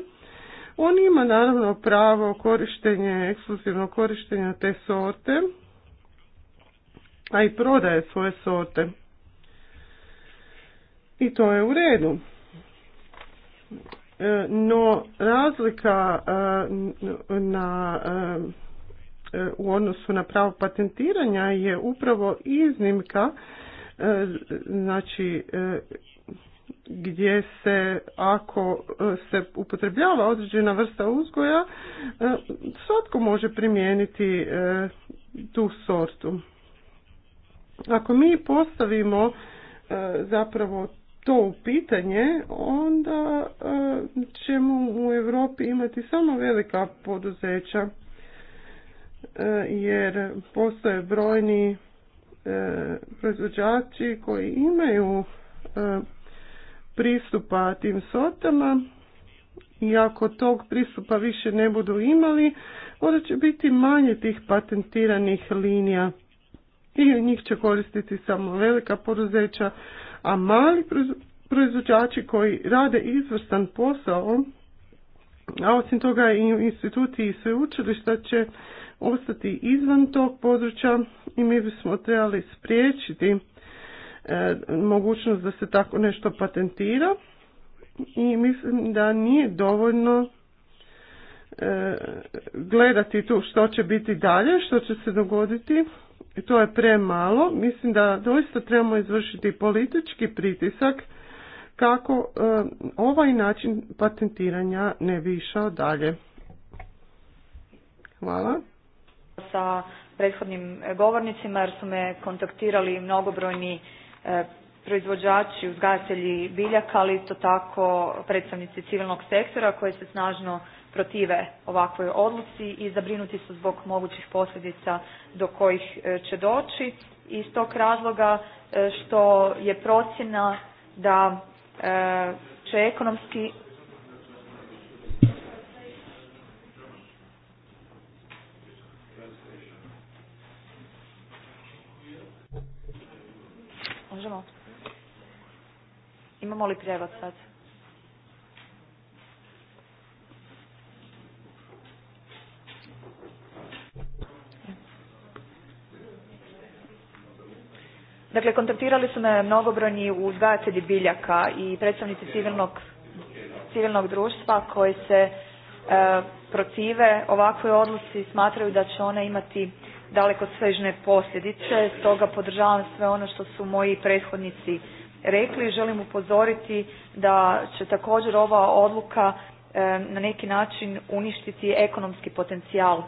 On ima naravno pravo korištenje, ekskluzivno korištenja te sorte, a i prodaje svoje sorte. I to je u redu. E, no razlika e, na e, u odnosu na pravo patentiranja je upravo iznimka znači gdje se ako se upotrebljava određena vrsta uzgoja svatko može primijeniti tu sortu. Ako mi postavimo zapravo to u pitanje, onda e, ćemo u Europi imati samo velika poduzeća e, jer postoje brojni e, proizvođači koji imaju pristupa tim sotama i ako tog pristupa više ne budu imali, onda će biti manje tih patentiranih linija i njih će koristiti samo velika poduzeća a mali proizvođači koji rade izvrstan posao, a osim toga i instituti i sveučilišta će ostati izvan tog područja i mi bismo trebali spriječiti e, mogućnost da se tako nešto patentira i mislim da nije dovoljno e, gledati tu što će biti dalje, što će se dogoditi to je premalo. Mislim da doista trebamo izvršiti politički pritisak kako e, ovaj način patentiranja ne bi išao dalje. Hvala. Sa prethodnim govornicima jer su me kontaktirali mnogobrojni e, proizvođači, uzgajatelji biljaka, ali isto tako predstavnici civilnog sektora koji se snažno protive ovakvoj odluci i zabrinuti su zbog mogućih posljedica do kojih e, će doći iz tog razloga e, što je procjena da e, će ekonomski Možemo? Imamo li prijevod sad? Dakle, kontaktirali su me mnogobrojni uzgajatelji biljaka i predstavnici civilnog, civilnog društva koji se e, protive ovakvoj odluci smatraju da će ona imati daleko svežne posljedice, stoga podržavam sve ono što su moji prethodnici rekli. Želim upozoriti da će također ova odluka na neki način uništiti ekonomski potencijal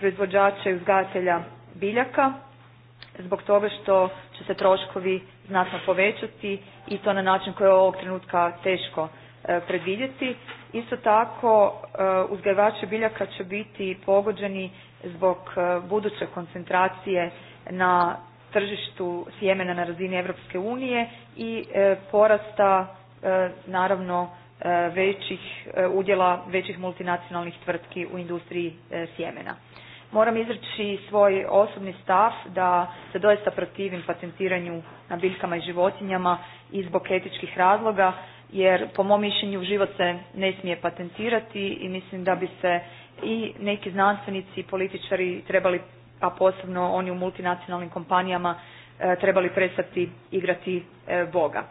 proizvođača i uzgajatelja biljaka zbog toga što će se troškovi znatno povećati i to na način koji je ovog trenutka teško e, predvidjeti. Isto tako e, uzgajivači biljaka će biti pogođeni zbog e, buduće koncentracije na tržištu sjemena na razini Europske unije i e, porasta e, naravno e, većih udjela većih multinacionalnih tvrtki u industriji sjemena. Moram izreći svoj osobni stav da se doista protivim patentiranju na biljkama i životinjama i zbog etičkih razloga jer po mom mišljenju život se ne smije patentirati i mislim da bi se i neki znanstvenici i političari trebali a posebno oni u multinacionalnim kompanijama e, trebali prestati igrati e, Boga.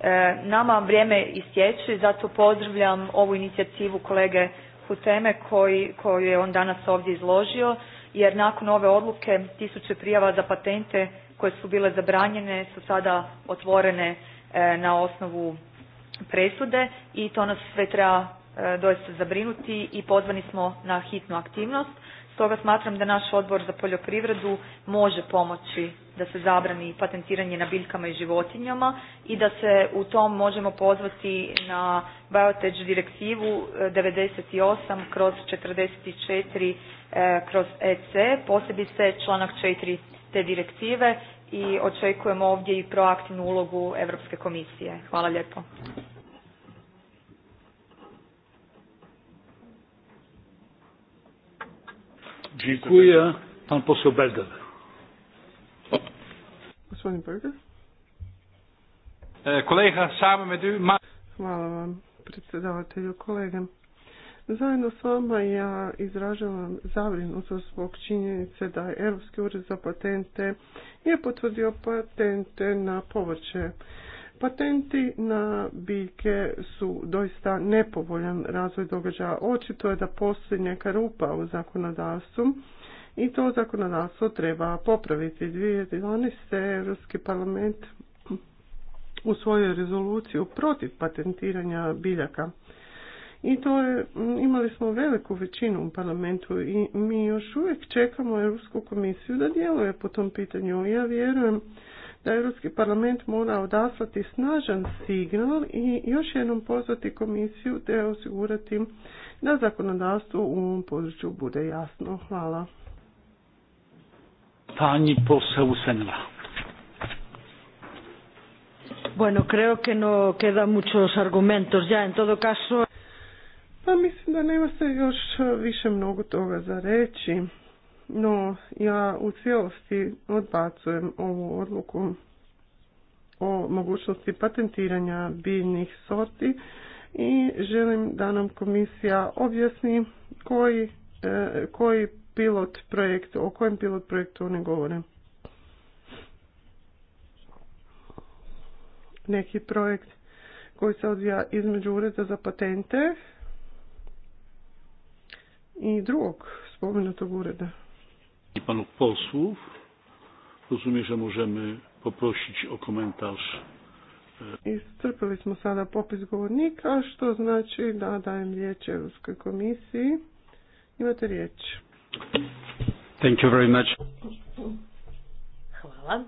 E, nama vrijeme istječe zato pozdravljam ovu inicijativu kolege Huteme koji, koju je on danas ovdje izložio jer nakon ove odluke tisuće prijava za patente koje su bile zabranjene su sada otvorene na osnovu presude i to nas sve treba doista zabrinuti i pozvani smo na hitnu aktivnost. Stoga smatram da naš odbor za poljoprivredu može pomoći da se zabrani patentiranje na biljkama i životinjama i da se u tom možemo pozvati na Biotech direktivu 98 eh, kroz 44 eh, kroz EC, posebice članak 4 te direktive i očekujemo ovdje i proaktivnu ulogu Europske komisije. Hvala lijepo. Dziękuję. Pan poseł Belder. Berger. E, kolega, u. Hvala vam, predsjedavatelju, kolega. Zajedno s vama ja izražavam zabrinutost zbog činjenice da je Europski ured za patente je potvrdio patente na povrće. Patenti na biljke su doista nepovoljan razvoj događaja. Očito je da postoji neka rupa u zakonodavstvu i to zakonodavstvo treba popraviti. 2011. Europski parlament u svojoj rezoluciju protiv patentiranja biljaka. I to je, imali smo veliku većinu u parlamentu i mi još uvijek čekamo Europsku komisiju da djeluje po tom pitanju. Ja vjerujem da Europski parlament mora odaslati snažan signal i još jednom pozvati komisiju te osigurati da zakonodavstvo u ovom području bude jasno. Hvala. Pani Bueno, creo que no queda muchos argumentos ya. En todo caso... Pa mislim da nema se još više mnogo toga za reći no ja u cijelosti odbacujem ovu odluku o mogućnosti patentiranja biljnih sorti i želim da nam komisija objasni koji, e, koji pilot projekt, o kojem pilot projektu oni govore. Neki projekt koji se odvija između ureda za patente i drugog spomenutog ureda. I panów posłów. Rozumiem, że możemy poprosić o komentarz. E, Iscrpili smo sada popis govornika, što znači da dajem riječ Europskoj komisiji. Imate riječ. Thank you very much. Hvala.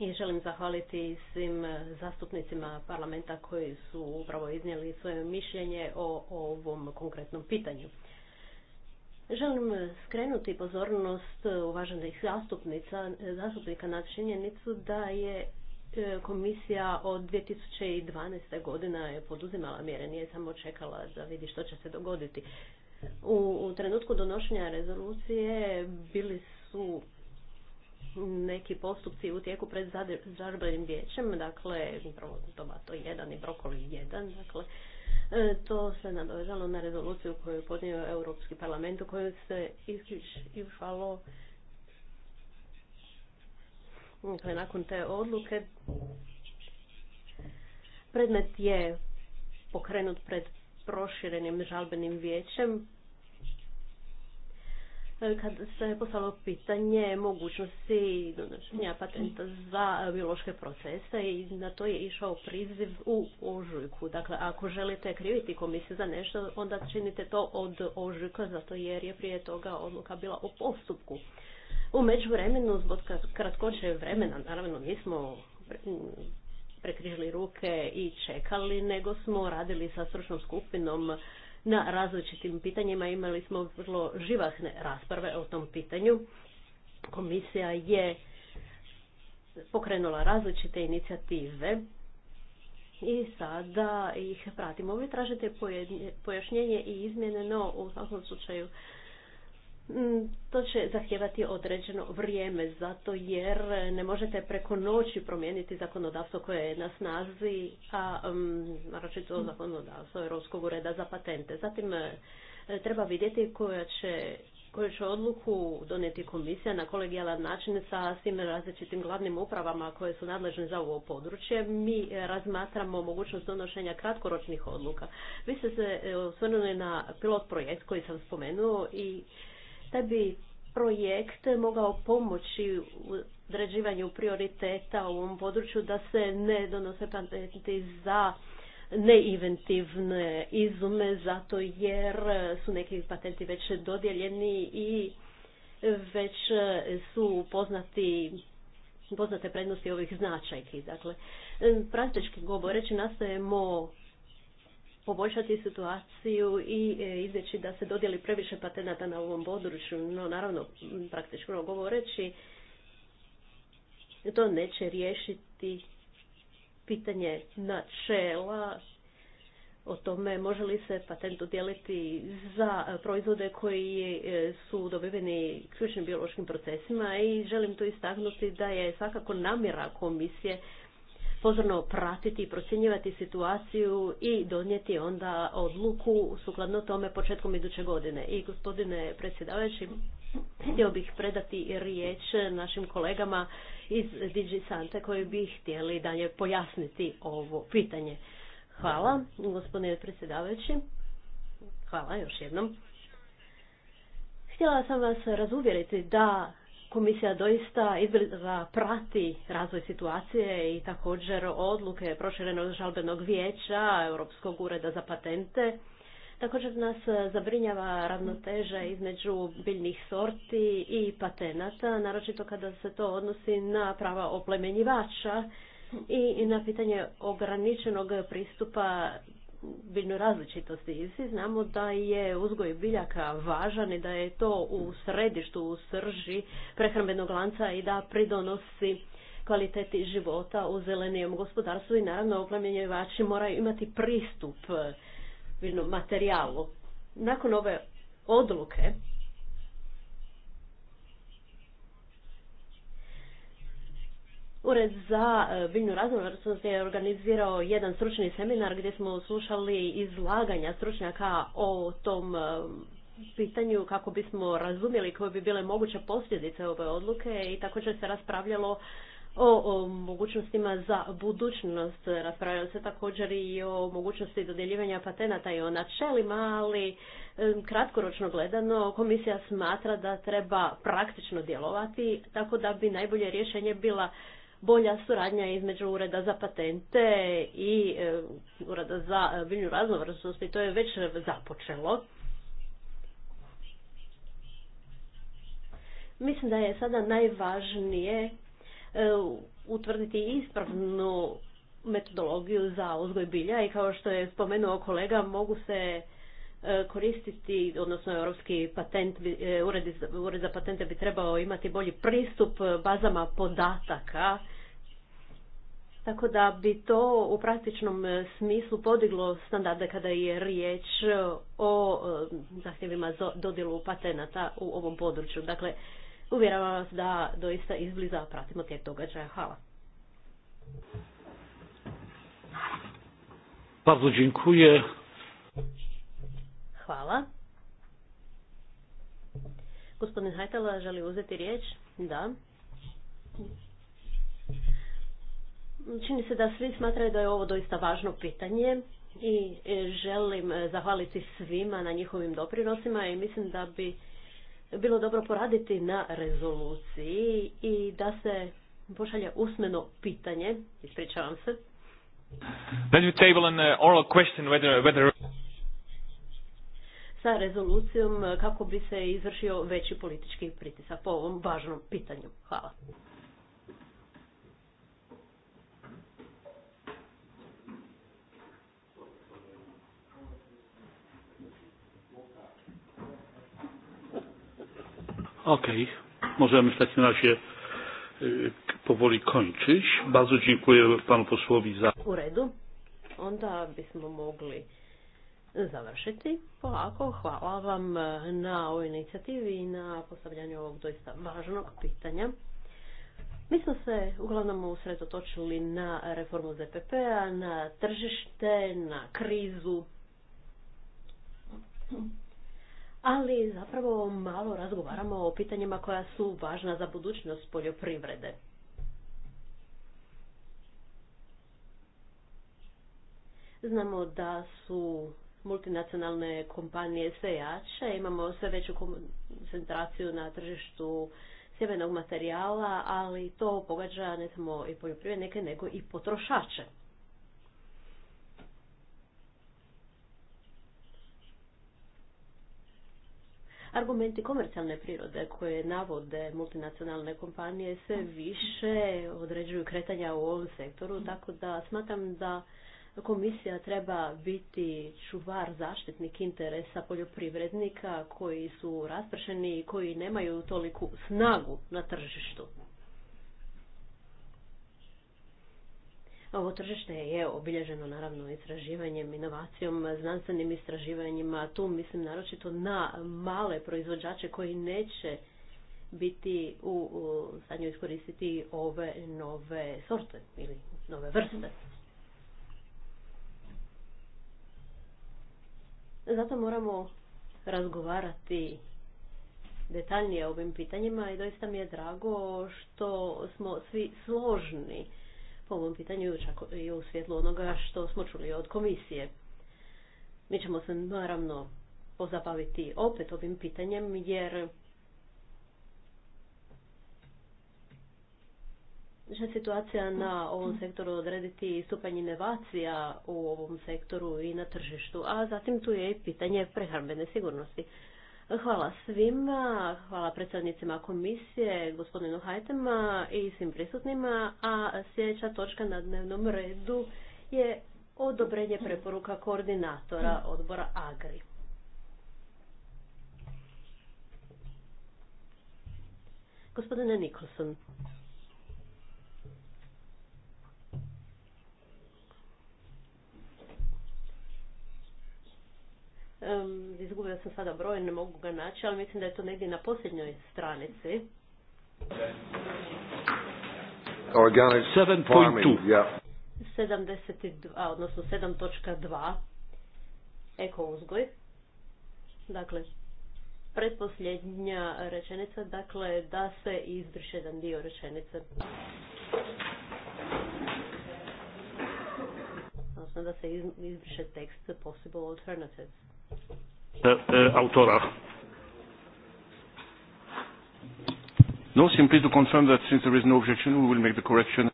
I želim zahvaliti svim e, zastupnicima parlamenta koji su upravo iznijeli svoje mišljenje o ovom konkretnom pitanju. Želim skrenuti pozornost e, uvaženih e, zastupnika na činjenicu da je e, komisija od 2012. godina je poduzimala mjere, nije samo čekala da vidi što će se dogoditi. U, trenutku donošenja rezolucije bili su neki postupci u tijeku pred žalbenim vijećem, dakle, upravo to jedan i brokoli jedan, dakle, E, to se nadovežalo na rezoluciju koju je podnio Europski parlament u kojoj se isključivalo dakle, nakon te odluke predmet je pokrenut pred proširenim žalbenim vijećem E, kad se postavilo pitanje mogućnosti donošenja patenta za e, biološke procese i na to je išao priziv u ožujku. Dakle, ako želite kriviti komisiju za nešto, onda činite to od ožujka, zato jer je prije toga odluka bila o postupku. U međuvremenu, zbog kratkoće vremena, naravno nismo prekrižili ruke i čekali, nego smo radili sa stručnom skupinom na različitim pitanjima. Imali smo vrlo živahne rasprave o tom pitanju. Komisija je pokrenula različite inicijative i sada ih pratimo. Vi tražite pojašnjenje i izmjene, no u svakom slučaju Mm, to će zahtijevati određeno vrijeme, zato jer ne možete preko noći promijeniti zakonodavstvo koje je na snazi, a um, naročito zakonodavstvo Europskog ureda za patente. Zatim e, treba vidjeti koja će koju će odluku donijeti komisija na kolegijalan način sa svim različitim glavnim upravama koje su nadležne za ovo područje. Mi razmatramo mogućnost donošenja kratkoročnih odluka. Vi ste se e, osvrnuli na pilot projekt koji sam spomenuo i taj bi projekt mogao pomoći u određivanju prioriteta u ovom području da se ne donose patenti za neinventivne izume zato jer su neki patenti već dodijeljeni i već su poznati poznate prednosti ovih značajki. Dakle, praktički govoreći nastojemo poboljšati situaciju i e, izveći da se dodjeli previše patenata na ovom području, no naravno praktično govoreći to neće riješiti pitanje načela o tome može li se patent udjeliti za proizvode koji e, su dobiveni ključnim biološkim procesima i želim to istaknuti da je svakako namjera komisije pozorno pratiti i procjenjivati situaciju i donijeti onda odluku sukladno tome početkom iduće godine. I gospodine predsjedavajući, htio bih predati riječ našim kolegama iz DigiSante koji bi htjeli dalje pojasniti ovo pitanje. Hvala, gospodine predsjedavajući. Hvala još jednom. Htjela sam vas razuvjeriti da komisija doista izbrza prati razvoj situacije i također odluke proširenog žalbenog vijeća Europskog ureda za patente. Također nas zabrinjava ravnoteža između biljnih sorti i patenata, naročito kada se to odnosi na prava oplemenjivača i na pitanje ograničenog pristupa biljnoj različitosti. I svi znamo da je uzgoj biljaka važan i da je to u središtu, u srži prehrambenog lanca i da pridonosi kvaliteti života u zelenijem gospodarstvu i naravno oplemenjivači moraju imati pristup biljnom materijalu. Nakon ove odluke Ured za e, biljnu raznovrsnost je organizirao jedan stručni seminar gdje smo slušali izlaganja stručnjaka o tom e, pitanju kako bismo razumjeli koje bi bile moguće posljedice ove odluke i također se raspravljalo o, o mogućnostima za budućnost. Raspravljalo se također i o mogućnosti dodjeljivanja patenata i o načelima, ali e, kratkoročno gledano komisija smatra da treba praktično djelovati tako da bi najbolje rješenje bila bolja suradnja između Ureda za patente i e, Ureda za e, biljnu raznovrsnost i to je već započelo. Mislim da je sada najvažnije e, utvrditi ispravnu metodologiju za uzgoj bilja i kao što je spomenuo kolega mogu se E, koristiti, odnosno Europski patent, e, ured, ured za patente bi trebao imati bolji pristup e, bazama podataka, tako da bi to u praktičnom smislu podiglo standarde kada je riječ o zahtjevima za dodjelu patenata u ovom području. Dakle, uvjeravam vas da doista izbliza pratimo tijek događaja. Hvala. Bardzo dziękuję. Hvala. Gospodin Hajtala želi uzeti riječ? Da. Čini se da svi smatraju da je ovo doista važno pitanje i želim zahvaliti svima na njihovim doprinosima i mislim da bi bilo dobro poraditi na rezoluciji i da se pošalje usmeno pitanje, ispričavam se. question sa rezolucijom e, kako bi se izvršio veći politički pritisak po ovom važnom pitanju. Hvala. Ok, možemo możemy w takim razie e, powoli kończyć. Bardzo dziękuję panu posłowi za... U redu. Onda bismo mogli završiti. Polako, hvala vam eh, na ovoj inicijativi i na postavljanju ovog doista važnog pitanja. Mi smo se uglavnom usredotočili na reformu ZPP-a, na tržište, na krizu, ali zapravo malo razgovaramo o pitanjima koja su važna za budućnost poljoprivrede. Znamo da su multinacionalne kompanije sve jače, imamo sve veću koncentraciju na tržištu sjemenog materijala, ali to pogađa ne samo i poljoprivrednike, nego i potrošače. Argumenti komercijalne prirode koje navode multinacionalne kompanije sve više određuju kretanja u ovom sektoru, tako da smatram da Komisija treba biti čuvar, zaštitnik interesa poljoprivrednika koji su raspršeni i koji nemaju toliku snagu na tržištu. Ovo tržište je obilježeno naravno istraživanjem, inovacijom, znanstvenim istraživanjima. Tu mislim naročito na male proizvođače koji neće biti u, u iskoristiti ove nove sorte ili nove vrste. Zato moramo razgovarati detaljnije o ovim pitanjima i doista mi je drago što smo svi složni po ovom pitanju čak i u svjetlu onoga što smo čuli od komisije. Mi ćemo se naravno pozabaviti opet ovim pitanjem jer će situacija na ovom sektoru odrediti stupanj inovacija u ovom sektoru i na tržištu, a zatim tu je i pitanje prehrambene sigurnosti. Hvala svima, hvala predsjednicima komisije, gospodinu Hajtema i svim prisutnima, a sljedeća točka na dnevnom redu je odobrenje preporuka koordinatora odbora AGRI. Gospodine Nikolson. Um, izgubila sam sada broj, ne mogu ga naći, ali mislim da je to negdje na posljednjoj stranici. 7.2. 72, odnosno 7.2. Eko uzgoj. Dakle, pretposljednja rečenica, dakle, da se izbriše jedan dio rečenice. Odnosno da se izbriše tekst possible alternatives. E, e, autora. No, simply to confirm that since there is no objection, we will make the correction.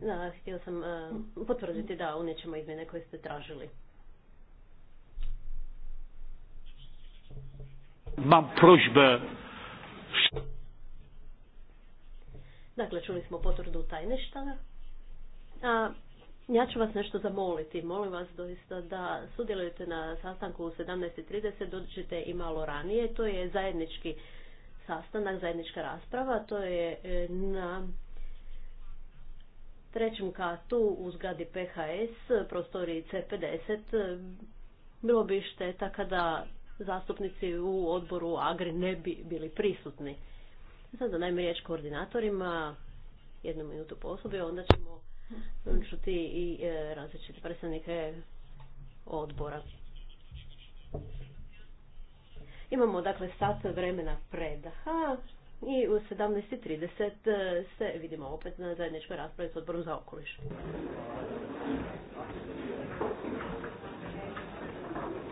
Da, htio sam uh, potvrditi da unećemo ćemo izmjene koje ste tražili. Mam prožbe. Dakle, čuli smo potvrdu tajništava. A ja ću vas nešto zamoliti. Molim vas doista da sudjelujete na sastanku u 17.30, dođite i malo ranije. To je zajednički sastanak, zajednička rasprava. To je e, na trećem katu u zgradi PHS, prostori C50. Bilo bi šteta kada zastupnici u odboru Agri ne bi bili prisutni. Sada najme riječ koordinatorima, jednu minutu po osobi, onda ćemo čuti i e, različite predstavnike odbora. Imamo dakle sat vremena predaha i u 17.30 e, se vidimo opet na zajedničkoj raspravi s odborom za okoliš.